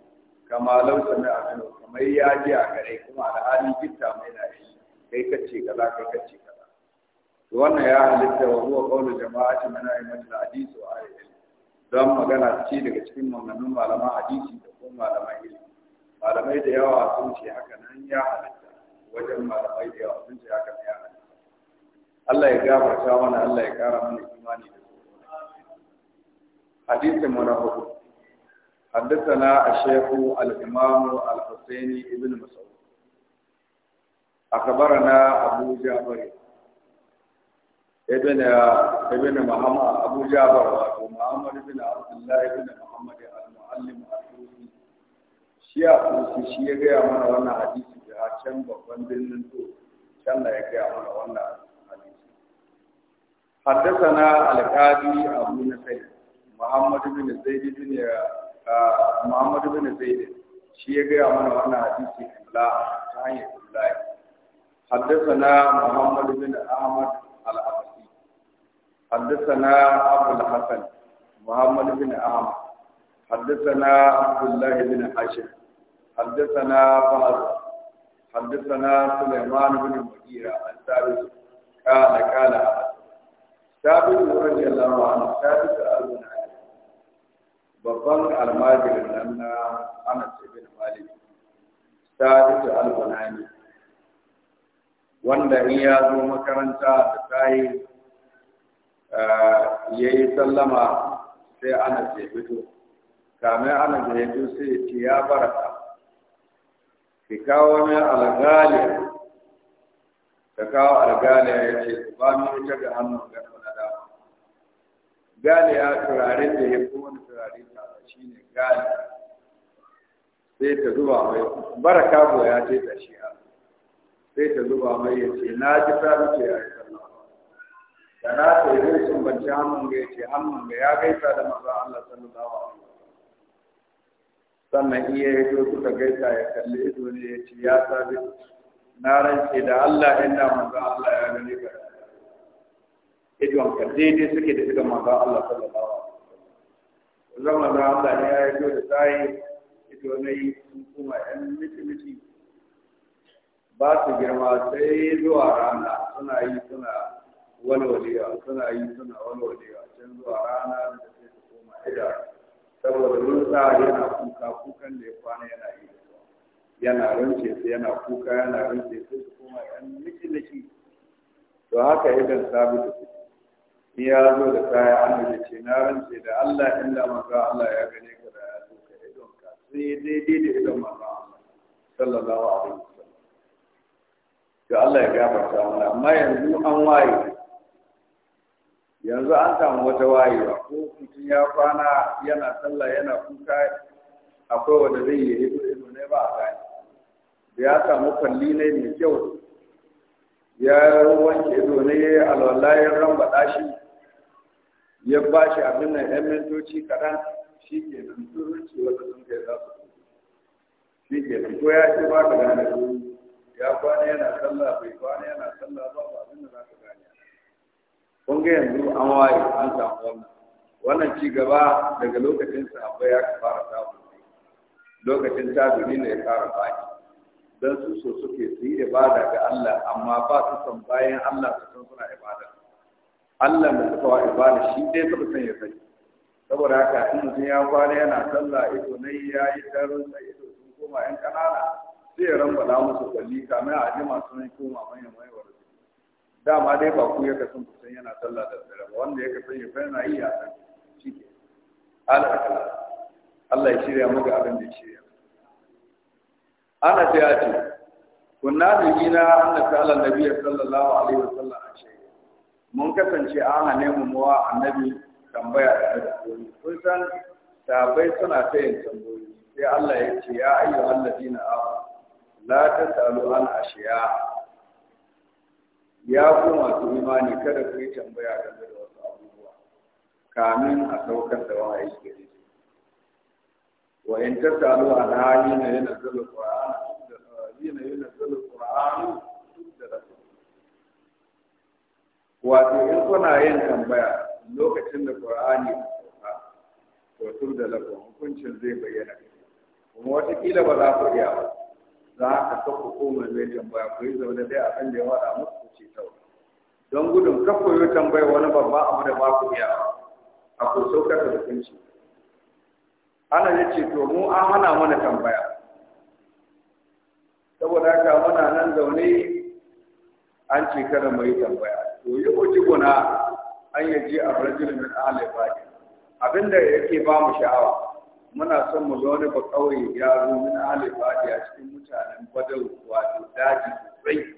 Speaker 1: kama lausa na abinu kamar ya ji a gare kuma alhali gitta mai na yi kai kace kaza kai kace kaza to wannan ya halitta wa huwa qawlu jama'ati min mata hadith wa ahli don magana ce daga cikin maganganun malaman hadisi da kuma malaman ilimi malamai da yawa sun ce haka nan ya halitta wajen malamai da yawa sun ce haka ya halitta Allah ya gafarta mana Allah ya kara mana imani da tsoro hadisin mana na حدثنا الشيخ الإمام الحسين بن مسعود أخبرنا أبو جابر ابن ابن محمد أبو جعفر ومحمد بن عبد الله بن محمد المعلم الحوثي شيء حوثي شيء جاء من وانا حديث جاء كم بفن بن كان لا جاء من وانا حديث حدثنا القاضي أبو نفيل محمد بن زيد بن Muhammadu bin Zaid shi ya gaya mana wannan hadisi la ta hanyar Abdullahi
Speaker 2: haddathana Muhammadu bin
Speaker 1: Ahmad al-Abbasi haddathana Abu al-Hasan Muhammad bin Ahmad haddathana Abdullah bin Hashim haddathana Fahd haddathana Sulaiman bin Mughira al-Thabit qala qala Thabit radiyallahu anhu Thabit al-Bunani babban almajirin nan na Anas ibn Malik Sadiq al-Bunani wanda in ya zo makaranta da tayi eh, yayi sallama sai Anas ya fito kamar Anas ya fito sai ya ce ya baraka ki kawo min algaliya ka kawo algaliya ya ce ba mu ita ga hannun ga gane ya turare da ya fi wani turare ta shi ne gane sai ta zuba mai baraka goya ce ta shi a sai ta zuba mai ya ce na ji ta ce ya
Speaker 2: yi sallama
Speaker 1: da na ta yi sun banci hannun ga ya ce hannun ga ya gaisa da maza Allah sallallahu alaihi sannan iya ya zo suka gaisa ya kalli ido ne ya ce ya sabi na rance da Allah ina maza Allah ya gani ka idon ka daidai suke da idan maza Allah sallallahu alaihi wasallam zama da Allah ne ya yi da tsayi ido na sun kuma yan miti ba su girma sai zuwa rana suna yi suna walwalewa suna yi suna walwalewa can zuwa rana da sai su koma ida saboda rusa yana kuka kukan da ya kwana yana yi yana rance su yana kuka yana rance su su kuma yan miki to haka idan sabi da su ya zo da kaya da ce na rance da Allah illa manzo Allah ya gane ka da yazo ka idon ka sai daidai da idon manzo sallallahu alaihi wasallam to Allah ya gafarta mana amma yanzu an waye yanzu an samu wata wayewa ko mutum ya kwana yana sallah yana kuka akwai wanda zai yi ido ido ne ba a kai da ya samu kwalli ne mai kyau ya wanke ido ne alwallahi ran baɗa shi ya ba shi abin nan yan mintoci kaɗan shi ke nan sun wata sun kai za su shi ke nan ko ya ce ba ka gane su ya kwana yana sallah bai kwana yana sallah ba ba abin da za ka gane kun ga yanzu an waye an samu wannan wannan ci gaba daga lokacin sahabbai ya fara samu lokacin ta domin ne ya fara baki don su so suke su yi ibada ga Allah amma ba su san bayan Allah su san suna ibada Allah da suka wa ibada shi dai suka san ya sani saboda haka in mutum ya kwana yana sallah ido ne ya yi tarin da ido sun koma yan kanana sai ya rambada musu kwalli kamar a jima sun koma manyan maiwar dama dai ba ku ya kasan kusan yana sallah da tsira ba wanda ya kasan ya fara na iya san shi ke alaka Allah ya shirya maka abin da ya shirya ana ta ce, kunna da gina annabi sallallahu alaihi wasallam sallallahu alaihi wasallam mun kasance ana hane mu muwa annabi tambaya da tambayoyi kun san sabai suna ta yin tambayoyi sai Allah ya ce ya ayyu alladina a la salu an ashiya ya ku masu imani kada ku yi tambaya game da wasu abubuwa kamin a saukar da wani aiki. wa in salu an hali na yana yana yana
Speaker 2: wato in kuna yin tambaya
Speaker 1: lokacin da qur'ani ya sauka to tur da lafa hukuncin zai bayyana kuma kila ba za ku iya ba za ka kafa koma mai tambaya ku yi zaune dai abin da ya wada musu ce ta don gudun ka yi tambaya wani babba abu da ba ku iya ba. a ku sauka da hukunci ana ya ce to mu an hana mana tambaya saboda haka muna nan zaune an ce kada mu yi tambaya to yi oji guna an yaji a rajulun min ahalai fadi abinda yake ba mu sha'awa muna son mu zo wani ba kauye ya zo min ahalai fadi a cikin mutanen Badar, wato daji sosai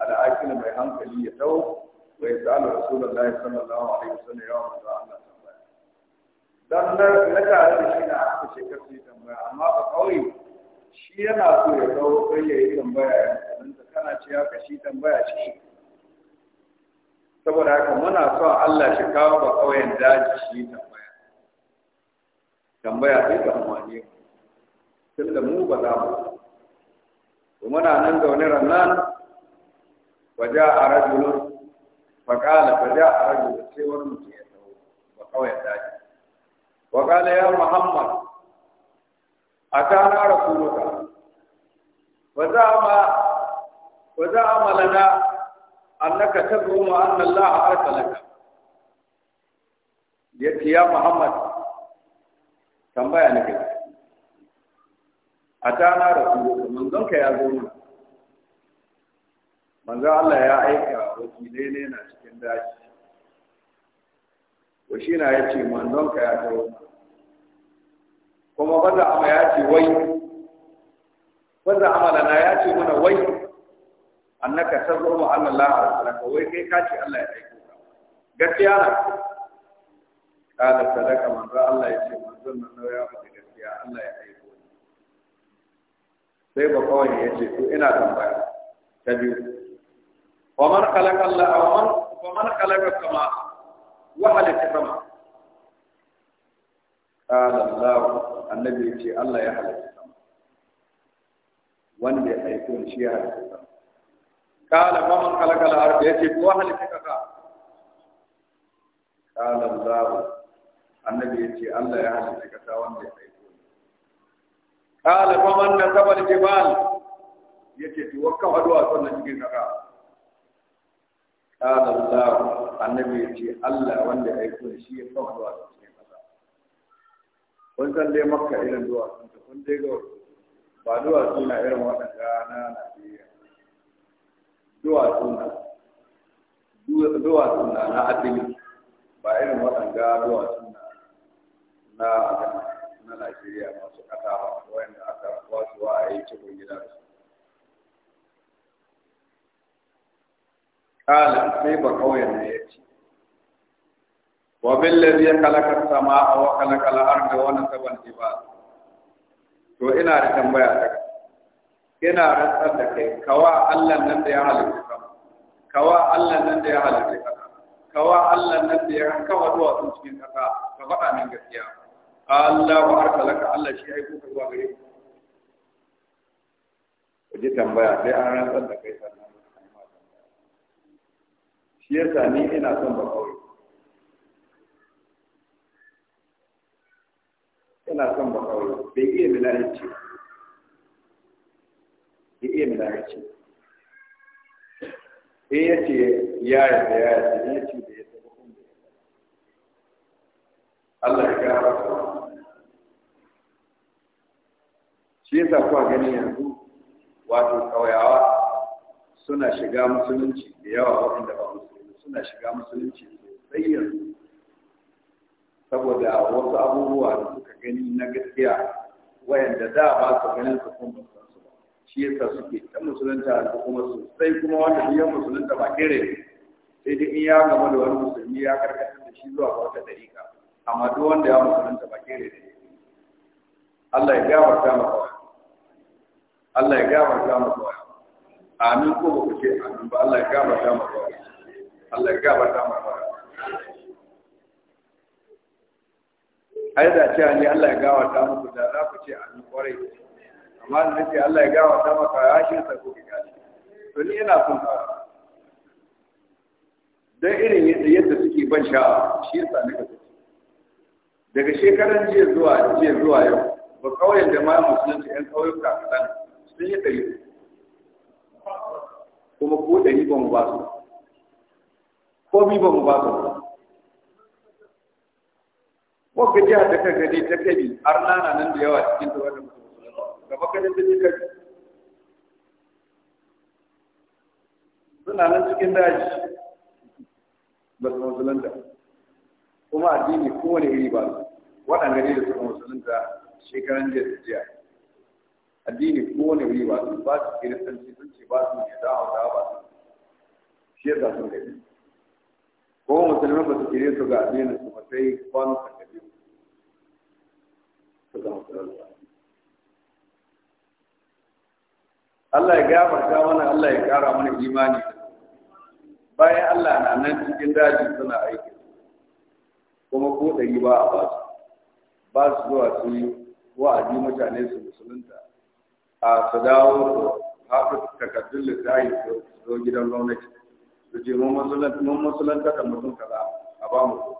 Speaker 1: al'akil mai hankali ya tau bai tsala rasulullahi sallallahu alaihi wasallam ya wa Allah tambaya dan na na tare da shi na aka ce kafi tambaya amma ba kauye shi yana so ya zo sai ya yi tambaya yanzu kana ce ya shi tambaya shi saboda haka muna so Allah shi kawo ba kauyen daji shi tambaya tambaya sai ga amfani tun da mu ba za mu Ba muna nan zaune rannan waja a rajulun faƙala waja a rajulun sai wani mutum ya tsawo ba kauyen daji ya muhammad. وقال يا محمد ma wa za ma lana. annaka tadrumu anna Allah arsalaka yace ya Muhammad tambaya ne kai atana rasuluka manzon ka ya zo mana manzon Allah ya aika wakilai ne na cikin daji to shi na yace manzon ka ya zo kuma banda amma ya ce wai banda amala na ya ce mana wai annaka tazuru anna Allah arsalaka wai kai ka ce Allah ya aiko ka gaskiya na
Speaker 2: kada sadaka manzo Allah ya ce
Speaker 1: manzon nan na ya faɗi gaskiya Allah ya aiko ni sai ba kawai ya ce to ina tambaya ta biyu wa man khalaqa Allah wa man khalaqa kama wa halatta kama qala Allah annabi ya ce Allah ya halatta sama wanda ya aiko shi ya halatta kama. kala ba man kala kala arda yace ko halitta kaka kala Allah annabi yace Allah ya halitta kasa wanda ya aiko ni kala ba man nasaba Ya yace to wakka hadu a sannan cikin kaka kala Allah annabi yace Allah wanda ya aiko ni shi ya kawo hadu a cikin kasa kun san dai makka irin duwatsun kun dai ga ba duwatsu na irin waɗanda na Najeriya duwatsu na na na asali ba irin waɗanda duwatsu na na na Najeriya masu ƙasa ba da aka wa a yi cikin gida da su kala sai ba kauyen ne ya ce wa billazi ya kalaka sama'a wa kalaka al-arda wa nasaba al-jibal to ina da tambaya daga yana rantsar da kai kawa Allah nan da ya halitta sama kawa Allah nan da ya halitta kasa kawa Allah nan da ya kawa sun cikin kasa ka faɗa min gaskiya Allah wa arsalaka Allah shi aiko ka zuwa gare ku ji tambaya sai an rantsar da kai sannan shi yasa ni ina son ba kawai ina son ba kawai bai iya milahin ce iya ce eh, in ya ce ya yarda ya da ya ce da ya taɓa kuma da Allah ya gara shi yasa kuwa gani yanzu wato ƙauyawa suna shiga musulunci da yawa waɗanda ba musulunci suna shiga musulunci sosai yanzu saboda wasu abubuwa da suka gani na gaskiya wayanda da ba su ganin su kuma shi sa suke ta musulunta da kuma sosai kuma wanda biyan musulunta ba kere sai dai in ya gama da wani musulmi ya karkatar da shi zuwa ga wata dariƙa amma duk wanda ya musulunta ba kere ne Allah ya gafarta maka Allah ya gafarta maka amin ko ba ku
Speaker 2: ce amin ba Allah ya gafarta maka
Speaker 1: Allah ya gafarta maka
Speaker 2: ai da ce ne Allah ya gafarta
Speaker 1: muku da za ku ce amin kwarai malam nace Allah ya gawa ta maka ya shi sa ko ka to ni ina son fara. dan irin yadda suke ban sha'a shi yasa nika so daga shekaran jiya zuwa jiya zuwa yau ba kauyen da ma musulunci yan kauyuka kaɗan sun yi ɗari kuma ko ɗari ba mu ba su komi ba mu ba su ko ka jihar da ka ta kabi har nana nan da yawa cikin ta wanda gaba kanin da jikari suna nan cikin daji ba su musulunta kuma addini kowane iri ba su waɗanda ne da suka musulunta shekaran jiya da jiya addini kowane iri ba su ba su kiristanci sun ce ba su ne da hausa ba su shi yadda sun gari ko musulmi ba su kire su ga addinin su ba sai kwan sakaji su ga musulunta Allah ya gafarta mana Allah ya kara mana imani bayan Allah na nan cikin daji suna aiki kuma ko ɗari ba a ba su ba su zuwa su yi wa'adi mutane su musulunta a su dawo haɗu takardun littafi su zo gidan gwamnati su ce mun musulunta da mutum kaza a ba mu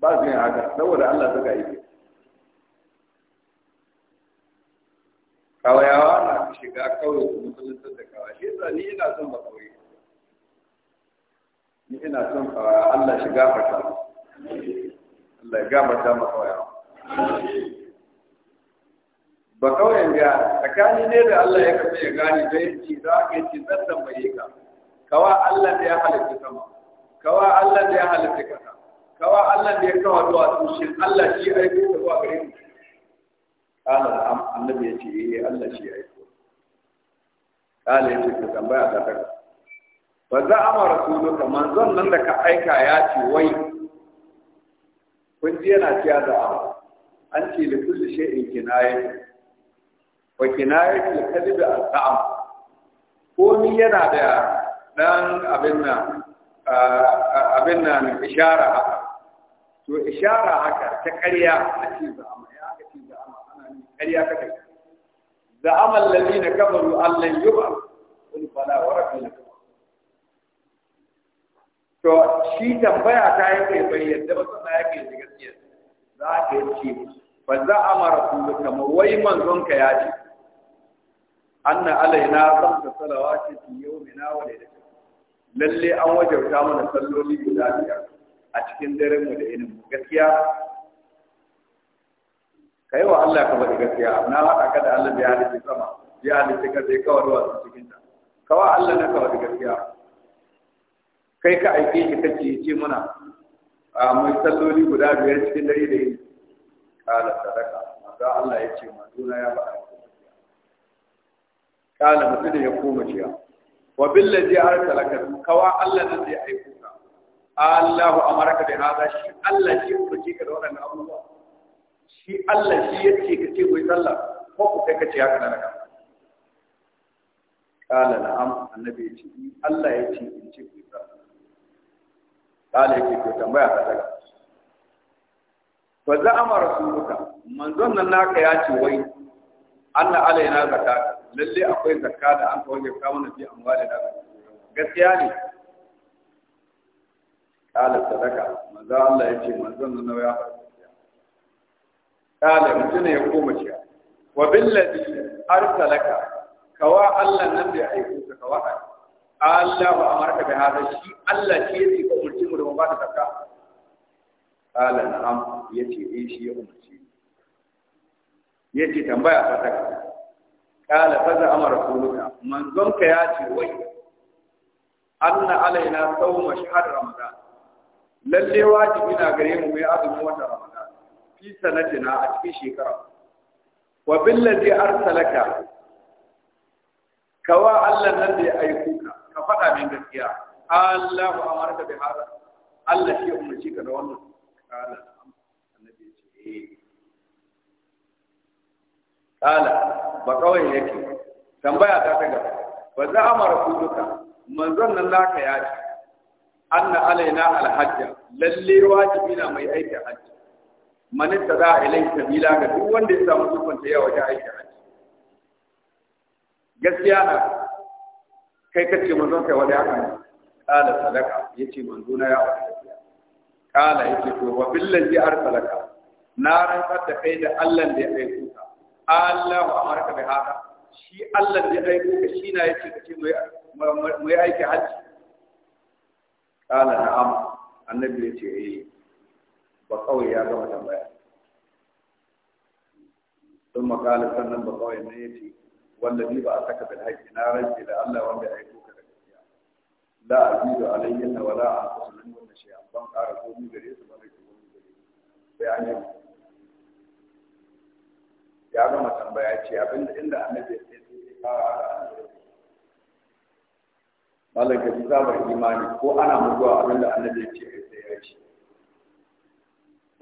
Speaker 1: ba su yin haka saboda Allah suka aiki kawayawa na shiga kawai su musulunta da kawai shi yasa ni ina son ba kawai ni ina son kawai Allah shiga gafarta Allah ya gafarta ma kawayawa ba kawai ga tsakani ne da Allah ya kafa ya gane bai ci za ka ci zan tambaye ka kawa Allah da ya halitta sama kawa Allah da ya halitta kasa kawa Allah da ya kawo duwatsu shin Allah shi aiki da zuwa gare mu kala ya ce eh Allah shi ya aiko kala ya ce ka tambaya ta daga fa za a mara sulu ka manzon nan da ka aika ya ce wai da abu an da komi yana da ɗan abin nan abin nan ishara haka to ishara haka ta ƙarya a cikin ƙarya ka kai da amal ladina kafaru allan yuba qul fala wa rabbil to shi tambaya ta yi kai bai yadda ba sannan yake da gaskiya za ka yi ce fa za amara kullu kama wai manzon ka ya ce anna alaina samsa salawati fi yawmina wa laylatina lalle an wajauta mana salloli guda biyar a cikin daren mu da inin gaskiya kai wa Allah ka bari gaskiya na haɗa ka da Allah da ya halitta sama ya halice ka sai kawai wa cikin ta kawa Allah na ka faɗi gaskiya kai ka aike shi kace ce muna a mai salloli guda biyar cikin dare da yini kala sadaka maza Allah ya ce mazuna ya faɗa kala ne ya koma ciya wa billazi arsalaka kawa Allah nan zai ya aiko ka Allahu amaraka da hada shi Allah shi ya umarci ka da wannan abubuwa shi Allah shi yake ka ce ku sallah ko ku kai ka ce haka nan kala am annabi ya ce Allah ya ce in ce ku yi sallah kala yake ko tambaya ta daga fa za'ama rasuluka manzon nan naka ya ce wai Allah alaina zakata lalle akwai zakka da an kawo zakka mana fi amwali da gaskiya ne kala sadaka manzon Allah ya ce manzon nan ya faɗa kala mutune ya koma ciya wa billadi arsalaka kawa Allah nan da ya aiko ka kawa Allah wa amarka bi shi Allah ce yake ka umurci mu da mu ba ta zakka kala na'am yace eh shi ya umurci yace tambaya ta zakka kala faza amara kulluka manzon ka ya ramadan lalle wajibi na gare mu ya azumin watan ramadan fi sanatina a cikin shekara wa billazi arsalaka kawa Allah nan da ya aiko ka ka faɗa min gaskiya Allahu amarka bi hada Allah shi umarci ka da wannan kala annabi ce eh kala ba kawai yake tambaya ta ta gaba ba za amara ku duka manzon nan laka ya ce anna alaina alhajja lalle wajibi na mai aiki hajji manitta za a ilai sabila ga duk wanda ya samu sufanta yawa wajen aiki hajji gaskiya na kai kace manzon kai wani haka kala sadaka yace manzo na ya gaskiya kala ya ce to wa billahi sadaka. na rantsar da kai da allan da ya aiko ka Allah wa amarka bi haka shi allan da ya aiko ka shi na yace kace mu yi aiki haji. kala na'am annabi yace eh ba kawai ya gama tambaya sun makala sannan ba kawai na ya ce wanda ni ba a saka bil haƙi na rage da Allah wanda ya aiko ka da gaskiya la da alayhi na wala an kusurin wanda shi an ban ƙara komi gare su ba rage komi gare sai an yi ya gama tambaya ce abinda inda annabi ya ce sai ya fara a
Speaker 2: malaka ji za imani ko ana mutuwa abinda annabi ya
Speaker 1: ce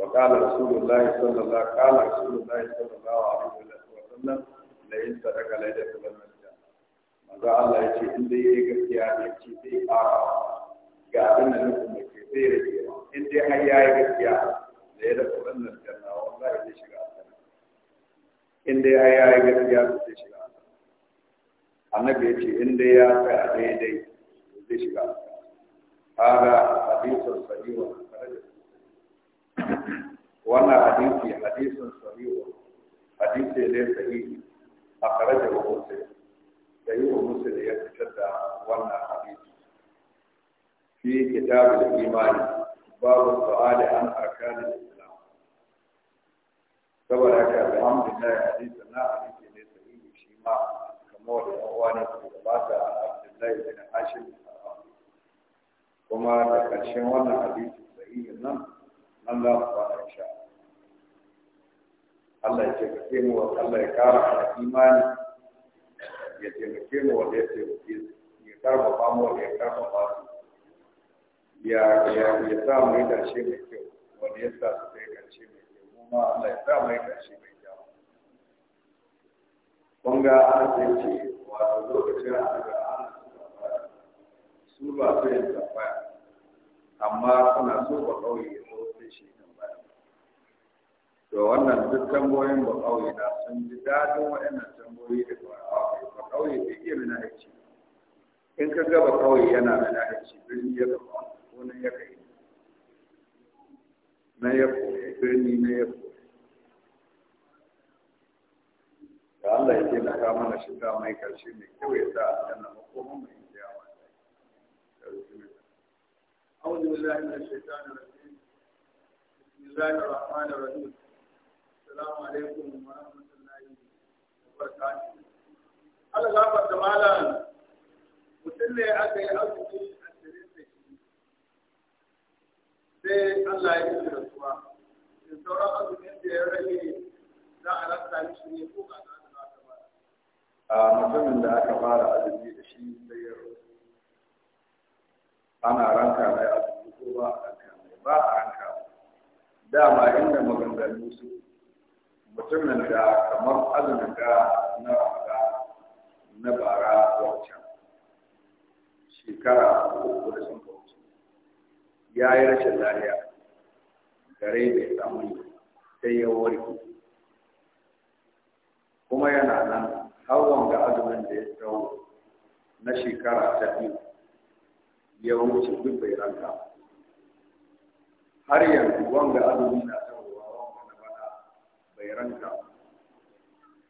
Speaker 1: وقال رسول الله صلى الله قال رسول الله صلى الله عليه وسلم لا ينسرق ليلة المسجد manzo Allah ya ce in dai yayi gaskiya ne ce zai fara ga abin da nufin da ke zai rage wa in dai har yayi gaskiya da ya rasa wannan janna wallahi zai shiga aljanna in dai har yayi gaskiya zai shiga aljanna annabi ya ce in dai ya tsaya daidai zai shiga aljanna هذا حديث صحيح wannan hadisi hadisin sahihu hadisi ne sahihi a karaje wa muslim da yi wa muslim ya fitar da wannan hadisi fi da imani babu su'ali an arkanin islam saboda haka da hamdulillah hadisi na hadisi ne sahihi shi ma kamar da yawa ne su gabata an abdullahi bin hashim kuma da ƙarshen wannan hadisi sahihin nan Allah ba da insha Allah ya taimake mu wa Allah ya kara mana imani ya taimake mu wa ya taimake su ya karfafa mu wa ya karfafa su ya ya ya sa mu yi karshe mai kyau wanda ya sa su kai mai kyau kuma Allah ya sa mu yi karshe mai kyau kun ga an sai ce wato lokacin an ga an su ba su yin tambaya amma suna so ba kauye to wannan duk tamboyin ba kauye na sun ji dadin waɗannan tamboyi da ba kauye bai iya mina aiki in ka ga ba kauye yana mina aiki birni ya gaba ko nan ya kai na ya koya birni na ya koya da Allah ya taimaka mana shiga mai karshe mai kyau ya sa a aljanna makoma mai jiya ma kiyama أعوذ بالله من الشيطان الرجيم بسم الله الرحمن الرحيم assalamu alaikum wa rahmatullahi wa barakatuh Allah gafar da malam mutum ne aka yi aiki a cikin da shi sai Allah ya yi rasuwa da sauran arzikin da ya rage za a rasa mishi ne ko ka a mutumin da aka fara azumi da shi sai ya ana ranka mai azumi ko ba a ranka mai ba a ranka dama inda maganganu su mutumin da kamar azumin na bara na bara wancan shekara uku da sun kauce ya yi rashin lafiya gare bai samu sai ya warke kuma yana nan har wanga azumin da ya tsawo na shekara ta biyu ya wuce duk bai ranka har yanzu wanga azumi na bai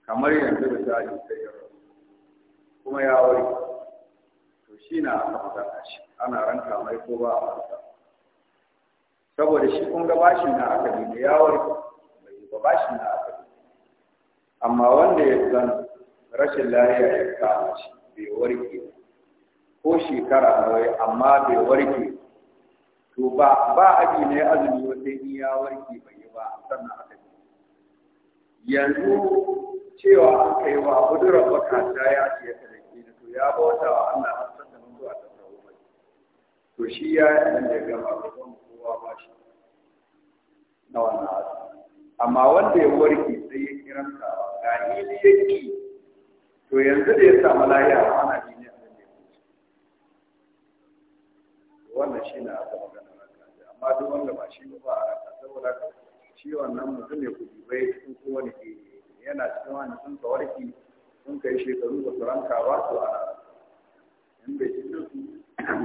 Speaker 1: kamar yanzu da ta yi sai kuma ya wari to shi na aka magana shi ana ranta mai ko ba a ranta saboda shi kun ga bashi na aka bi da ya wari mai yi ba bashi na aka bi amma wanda ya san rashin lafiya ya kama shi bai warke ko shekara nawa amma bai warke to ba ba abi ne azumi wata in ya warke bai yi ba sannan aka yanzu cewa an kai wa budurar baka ta ya ce ya kalaki da to ya bauta wa Allah har sanda mun zuwa ta tsawo mai to shi ya yi nan da gama ba zan kowa ba shi na wannan hali amma wanda ya warke sai ya kiranta ga ne ya ki to yanzu da ya samu lahiya ana hili a nan da ya wannan shi na aka magana amma duk wanda ba shi ba a raka saboda ka shi wannan mutum ne kudi bai cikin kowane ke yana cikin wani sun ka sun kai shekaru ba su ranka ba su a in bai cikin su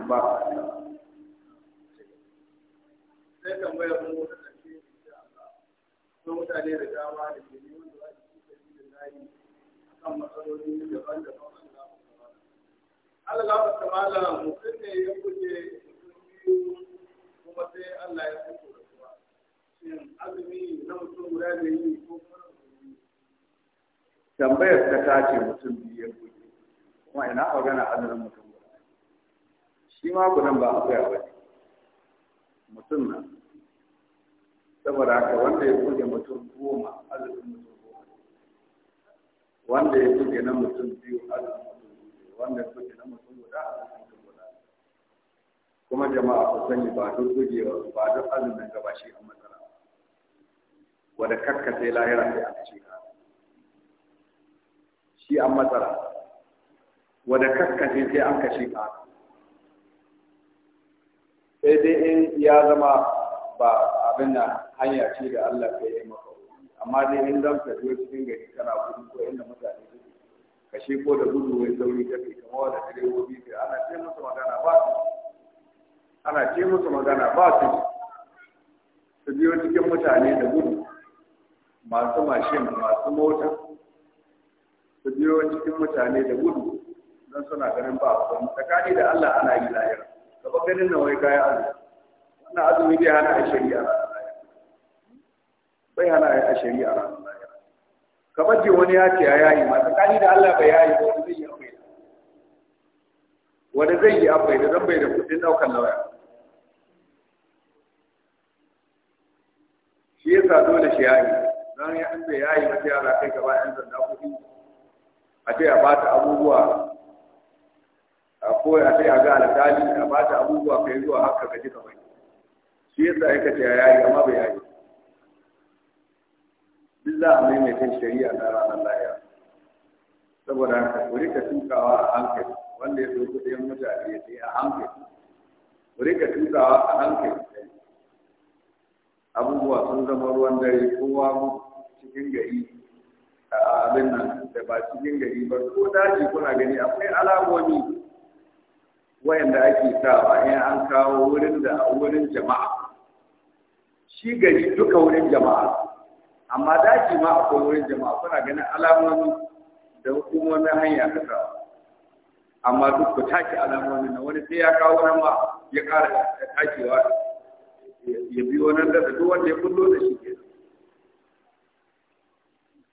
Speaker 1: ba sai tambaya mun wata ƙarshe insha Allah ko mutane da dama da ke neman da za su ci da layi akan matsaloli daban-daban Allah ya Allah mutum ne ya kuje mutum biyu kuma sai Allah ya kuje tambayar ta tace mutum biyu kuɗi kuma ina magana azumin mutum shi ma nan ba a kuya ba mutum na saboda haka wanda ya kuɗe mutum goma azumin mutum goma wanda ya kuɗe na mutum biyu azumin mutum biyu wanda ya kuɗe na mutum guda azumin mutum guda kuma jama'a ku sani ba duk gujewa ba duk azumin gaba shi a matsayin. wadda kakka sai lahira sai a ce ka shi an matsara wadda kakka sai sai an kashe ka sai dai in ya zama ba abin na hanya ce da Allah ya yi maka amma dai in zan ka zo cikin gari kana gudu ko inda mutane su kashe ko da gudu wai sauri kake kamar wadda wobi sai ana ce musu magana ba su ana ce musu magana ba su su biyo cikin mutane da gudu masu mashin masu mota su biyo cikin mutane da gudu don suna ganin ba a tsakani da Allah ana yi layar gaba ganin nawai kayan azu azumi azu azumi bai hana a shari'a bai hana a shari'a
Speaker 2: kamar je wani ya ce ya yayi ma tsakani da Allah bai yayi ba
Speaker 1: wani zai yi abai wani zai yi abai da zan bai da kudin daukan lauya bata yayi ba sai kai gaba yan sanda kuɗi a ce a bata abubuwa a koya a ce a ga alƙali a bata abubuwa kai zuwa haka gaji kamar shi yasa ya kace yayi amma bai yayi duk za a maimaita shari'a na ranar lahira saboda haka ku rika tukawa a hankali wanda ya so kuɗin mutane ya sai a hankali ku rika tukawa a hankali abubuwa sun zama ruwan dare kowa cikin gari a abin nan da ba cikin gari ba ko daji kuna gani akwai alamomi wayanda ake sawa in an kawo wurin da wurin jama'a shi gari duka wurin jama'a amma daji ma akwai wurin jama'a kuna ganin alamomi da hukumomin hanya ka sawa amma duk ku take alamomin na wani sai ya kawo nan ma ya ƙara takewa ya biyo nan da duk wanda ya kullo da shi kenan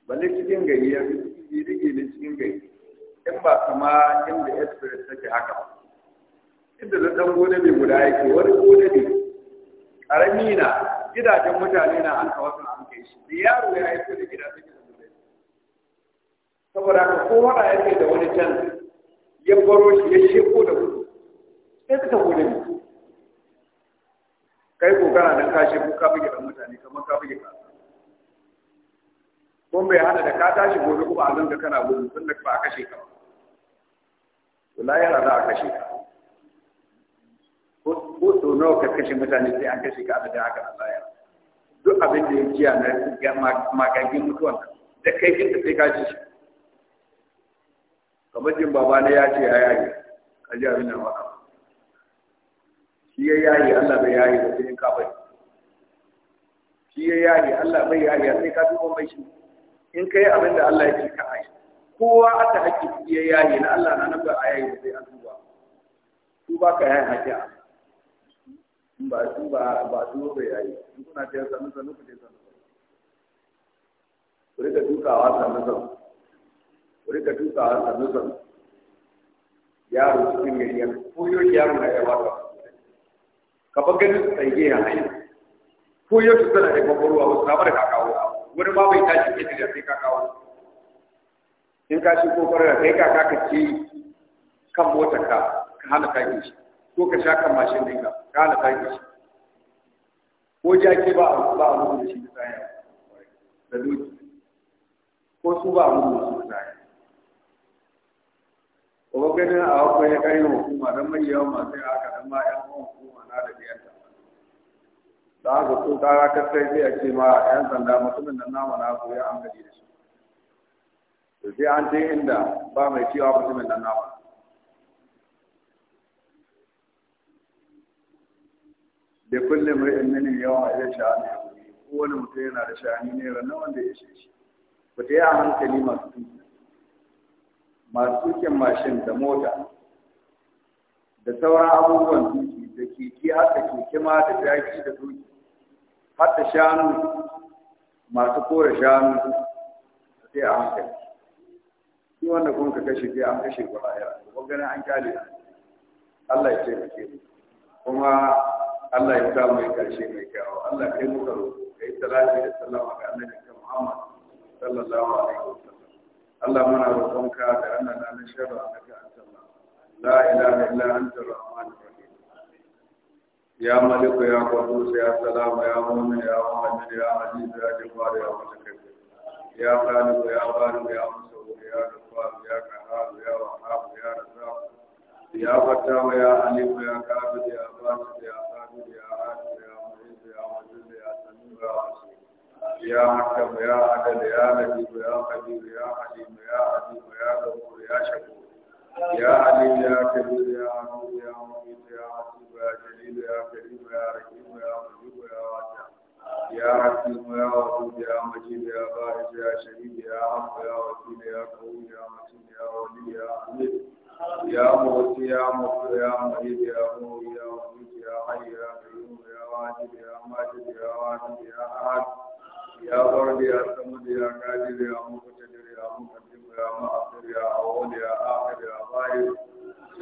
Speaker 1: balle cikin gari ya fi gine cikin gari in ba kama inda express take haka ba inda da dan gode mai guda yake wani gode ne karami na gidajen mutane na an kawo sun an kai shi da yaro ya yi kudi gida take da mutane saboda ka ko ya yake da wani can ya baro shi ya sheko da gudu sai ka tafi da kai kokara dan kashe ko ka buge dan mutane kamar ka buge kasuwa. kun bai hana da ka tashi gobe kuma azan ka kana gudu tun da ba a kashe ka wala yana za a kashe ka ko to nawa ka kashe mutane sai an kashe ka a da haka tsaya duk abin da ya jiya na magagin mutuwan da kai kin da sai ka ji shi kamar jin baba ne ya ce ya yayi ka ji abin da maka shi ya yayi Allah bai yayi da sai ka bai shi ya yayi Allah bai yayi sai ka dubo mai shi in kai abin da Allah ya ce ka ayi kowa aka haƙi ya yayi na Allah na nabar a yayi sai an duba su ba ka yayi haƙi in ba su ba ba su ba yayi in kuna ta yasa mun sanu ku je sanu ku rika dukawa sanu sanu ku rika dukawa sanu sanu yaro cikin gari ya koyo yaro na yawa ba ka ba gani su tsaye a yi koyo su tsara da kwakwalwa ba su kama da kakawo ba wani ma bai tashi ke da sai ka kawo in ka shi kokarin da kai ka ka ce kan motar ka ka hana tage shi ko ka sha kan mashin ɗinka ka hana tage shi ko jaki ba a ba a mutu da shi da tsaya da doki ko su ba a mutu da shi da tsaya ko ganin a akwai ya kai hukuma dan mai yawa masu aka dan ma yan hukuma na da biyanta da haka ko kara ka sai sai a ce ma yan sanda mutumin nan nama na ku ya an gari da shi to sai an je inda ba mai cewa mutumin nan nama da kullum ri'in mini yawan a yi sha'ani ya kuri kowane mutum yana da sha'ani ne ranar wanda ya shi shi ku ta yi a hankali masu tuki masu tukin mashin da mota da sauran abubuwan tuki da keke haka keke ma da jaki da duki. hatta shanu masu kore shanu sai a hankali shi wanda kuma ka kashe sai an kashe ba a yara ko ganin an kyale Allah ya taimake mu kuma Allah ya sa mai karshe mai kyawu Allah kai muka da kai salati da sallama ga annabi Muhammad sallallahu alaihi wasallam Allah muna roƙonka da annan nan sharri annaka anta la ilaha illa anta rahmanur rahim يا ملك يا قدوس يا سلام يا مؤمن يا مؤمن يا عزيز يا جبار يا متكبر
Speaker 2: يا خالق يا بارئ يا
Speaker 1: مصور يا غفار يا قهار يا وهاب يا رزاق يا فتاح يا عليم يا كافر يا باسط يا صابر يا عادل يا معز يا مجد يا سميع يا بصير يا حكم يا عدل يا لطيف يا خبير يا حليم يا عظيم يا غفور يا شكور يا علي يا كبير يا عدو يا مميت يا عزيز يا جليل يا كريم يا رحيم يا مجيب يا واسع يا حكيم يا ودود يا مجيد يا بارز يا شهيد يا عفو يا وكيل يا قوي يا متين يا ولي يا حميد يا موسي يا مغفر يا مهيب يا مولي يا وجود يا حي يا قيوم يا واجد يا ماجد يا واجد يا احد ya warde ya samudi ya kajiri ya muku tajiri ya muku tajiri ya muku tajiri ya muku ya akhiri ya bayi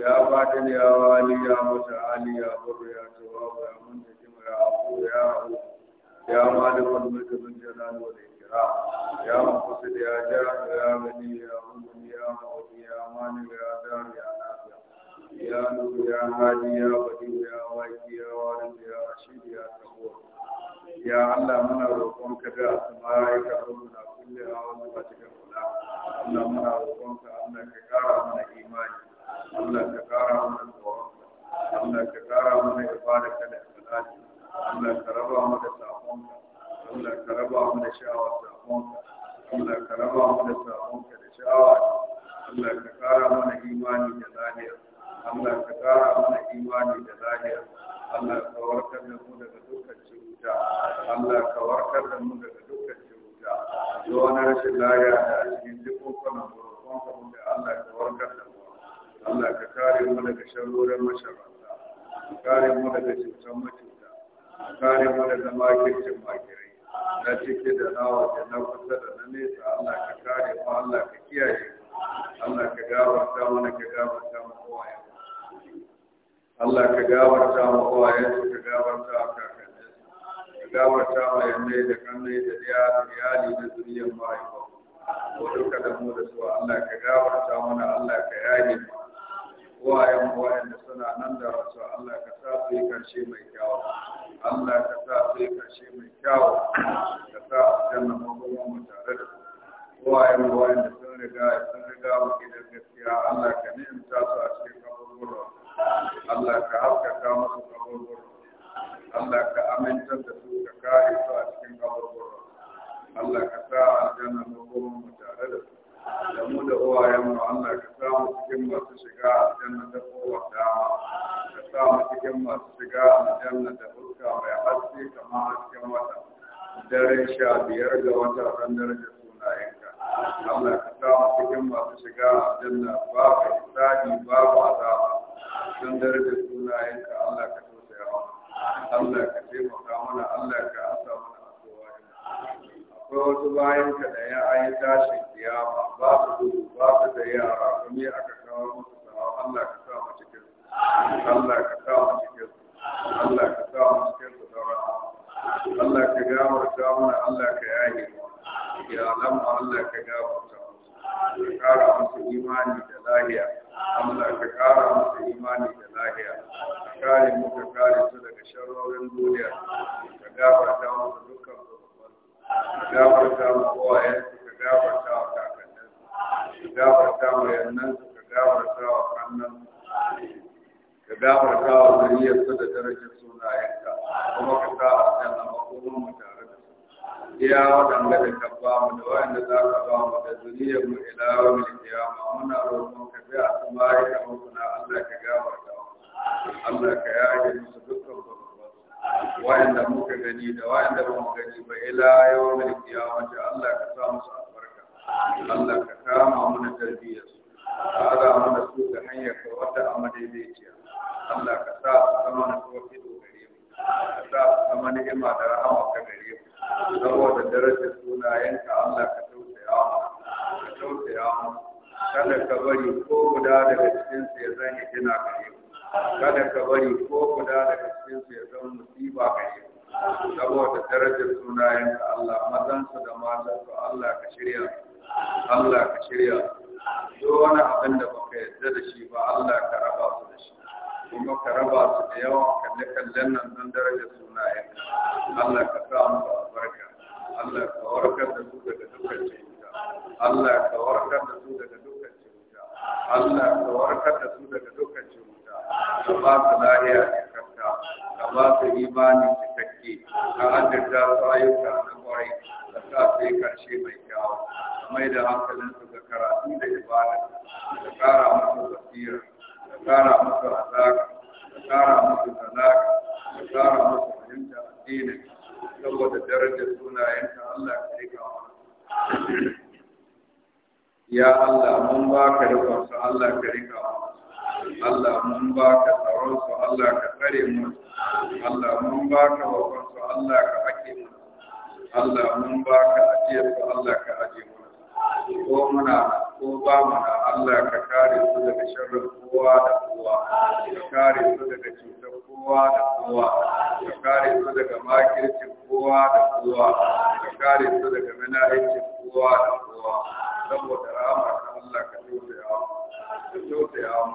Speaker 1: ya batin ya wali ya muta ali ya buru ya tawabu ya munta jimu ya abu ya abu ya malikul mulki bin jalal wal ikram ya muqsid ya jahil ya bani ya umm ya mawdi ya mani ya dar ya nafi ya nur ya hadi ya badi ya waqi ya warid ya rashid ya tawwab ya allah mana roƙo ka ga asma'ika rabbana Allah ka gafarta mana Allah ka yaye ya lamma Allah ka gafarta ka kara musu imani da lahiya Allah ka kara musu imani da lahiya ka kare mu ka kare su daga sharrorin duniya ka gafarta musu dukkan zunubansu ka gafarta mu kowayensu ka gafarta wa kakanninsu ka gafarta mu yannansu ka gafarta wa kannansu ka gafarta wa zuriyarsa da darajar sunayenka kuma ka sa a can a makoman mu tare da
Speaker 2: su iya waɗanda da ka ba
Speaker 1: mu da waɗanda za ka ba mu da zuriyar mu ila yawmin qiyama muna roƙon ka bi asma'ika wa kuna Allah ka gafarta Allah ka yaye musu dukkan babban waɗanda muka gani da waɗanda ba mu gani ba ila yawmin qiyama Allah ka sa musu albarka Allah ka kama mana na tarbiyyar su ka ara mana su ga hanyar ka wata a madaidaiciya Allah ka sa da gare ka sa rahama ka saboda darajar sunayenka Allah ka mu ka mu kada ka bari ko guda daga cikin su ya zanya gina gare mu kada ka bari ko guda daga cikin su ya zama musiba gare mu saboda darajar sunayenka Allah mazansu da matansu Allah ka shirya Allah ka shirya duk wani abin da baka yarda da shi ba Allah ka raba su da shi kuma ka raba su da yawa kalle-kallen nan don daraja sunayen Allah ka sa mu albarka Allah ka warkar da su daga dukkan cuta Allah ka warkar da su daga dukkan cuta Allah ka warkar da su daga dukkan cuta ka ba su lahiya cikakka
Speaker 2: ka ba su imani
Speaker 1: cikakke ka haddata su ayyuka na kwarai ka sa su yi karshe mai kyawu mai da hankalinsu ga karatu da ibada ka kara musu basira ka kara musu alaka ka musu ka musu addinin saboda darajar sunayenka Allah ka rika mana ya Allah mun ba ka rikon su Allah ka rika Allah mun ba ka tsaron su Allah ka tsare mu Allah mun ba ka Allah ka ake mu Allah mun ba ka Allah ka ko muna ko ba mana Allah ka kare su daga sharrin kowa da kowa ka kare su daga cutar kowa da kowa ka kare su daga makircin kowa da kowa ka kare su daga manahicin kowa da kowa saboda rahama Allah ka tausaya mu ka tausaya mu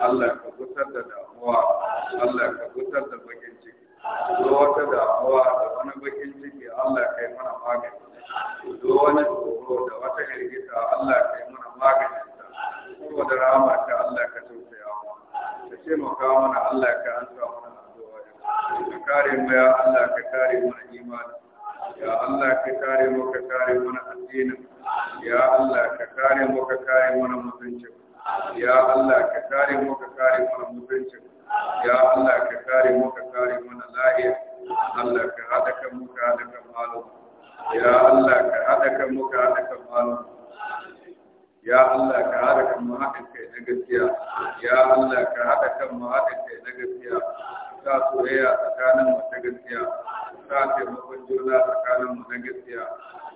Speaker 1: Allah ka gusar da damuwa Allah ka gusar da bakin ciki
Speaker 2: zo wata damuwa
Speaker 1: da wani bakin ciki Allah ka yi mana magani zo wani tsoro da wata girgita Allah ka yi mana magani ko da rama ta Allah ka tausaya mu ka taimaka mana Allah ka ansa mana addu'a ka kare mu ya Allah ka kare mana imani ya Allah ka kare mu ka kare mana addinin ya Allah ka kare mu ka kare mana mutuncin ya Allah ka kare mu ka kare mana mutuncin ya Allah ka kare mu ka kare mana lahiya Allah ka hada kan mu ka hada ka malu ya Allah ka hada kan mu ka hada ka malu ya Allah ka hada kan mu hada kai na gaskiya ya Allah ka hada kan mu hada
Speaker 2: kai na gaskiya sa soyayya tsakanin mu ta gaskiya
Speaker 1: ka sa taimakon juna tsakanin mu na gaskiya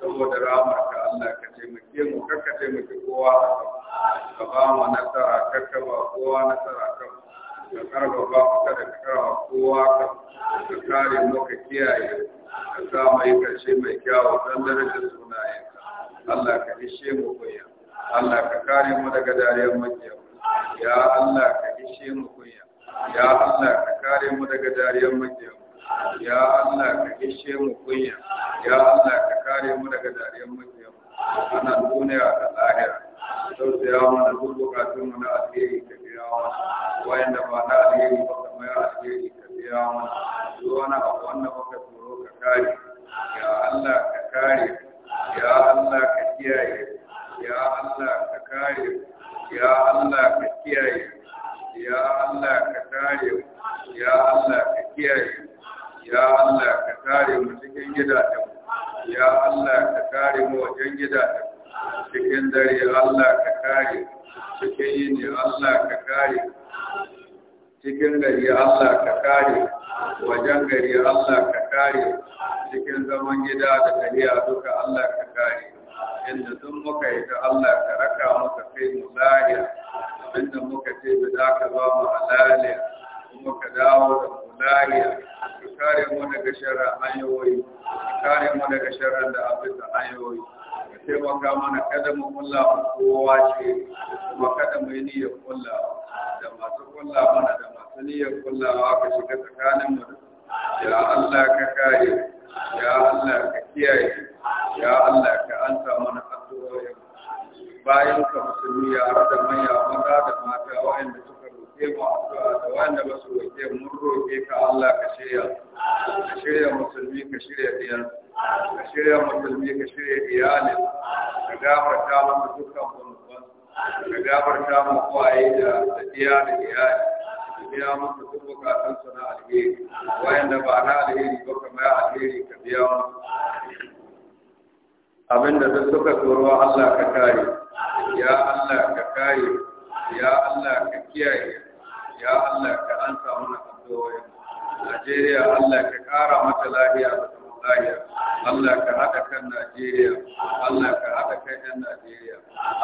Speaker 1: saboda rahama ka Allah ka taimake mu kar ka taimake kowa ka ba mu nasara kar ka ba kowa nasara kan ka karfafa ka da karfafa kowa ka ka kare mu ka kiyaye ka sa mai karshe mai kyawu don darajar sunayenka Allah ka ishe mu kunya Allah ka kare mu daga dariyar makiya ya Allah ka ishe mu kunya ya Allah ka kare mu daga dariyar makiya ya Allah ka gishe mu kunya ya Allah ka kare mu daga dariyar makiya ana duniya da lahira tausaya mana duk bukatun mu na alheri ka biya mana da ba na alheri ba ka mai alheri ka biya mana duk wani abu wanda baka tsoro ka kare ya Allah ka kare ya Allah ka kiyaye ya Allah ka kare ya Allah ka kiyaye ya Allah ka kare mu ya Allah ka kiyaye mu ya Allah ka kare mu cikin gidajen ya Allah ka kare mu wajen gidajen cikin dare Allah ka kare cikin yini Allah ka kare cikin gari Allah ka kare wajen gari Allah ka kare cikin zaman gida da tafiya duka Allah ka kare inda sun muka yi ta Allah ka raka muka kai mu lahiya abinda muka ce da za ka ba mu halaliya kuma ka dawo da mu lahiya ka kare mu daga sharar hanyoyi ka kare mu daga sharar da abin da hanyoyi ka taimaka mana kada mu kulla mu kowa ce kuma kada mu yi niyyar kulla da masu kulla mana da masu niyyar kullawa ka shiga tsakanin mu ya Allah ka kare ya Allah ka kiyaye ya Allah ka ansa mana addu'o'in bayan ka musulmi ya da manya maza da mata waɗanda suka roƙe mu addu'a da waɗanda ba su roƙe mun roƙe ka Allah ka shirya ka shirya musulmi ka shirya diyar ka shirya musulmi ka shirya iyali. ka gafarta mana dukkan zunuban ka gafarta mana kwaye da diya da iyali biya musu duk bukatunsu na alheri wayanda ba na alheri ba kamar alheri ka biya musu abinda duk suka tsoro Allah ka kare ya Allah ka kare ya Allah ka kiyaye ya Allah ka ansa mana addu'o'in Najeriya Allah ka kara mata lafiya da lafiya Allah ka haɗa kan Najeriya Allah ka haɗa kan 'yan Najeriya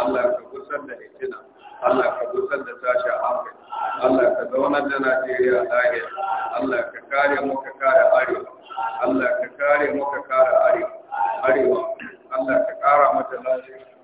Speaker 1: Allah ka gusar da hitina Allah ka gusar da tashi hankali Allah ka zauna da Najeriya lafiya Allah ka kare mu ka kare arewa
Speaker 2: Allah ka kare mu ka kare arewa arewa Allah ka kara mata lafiya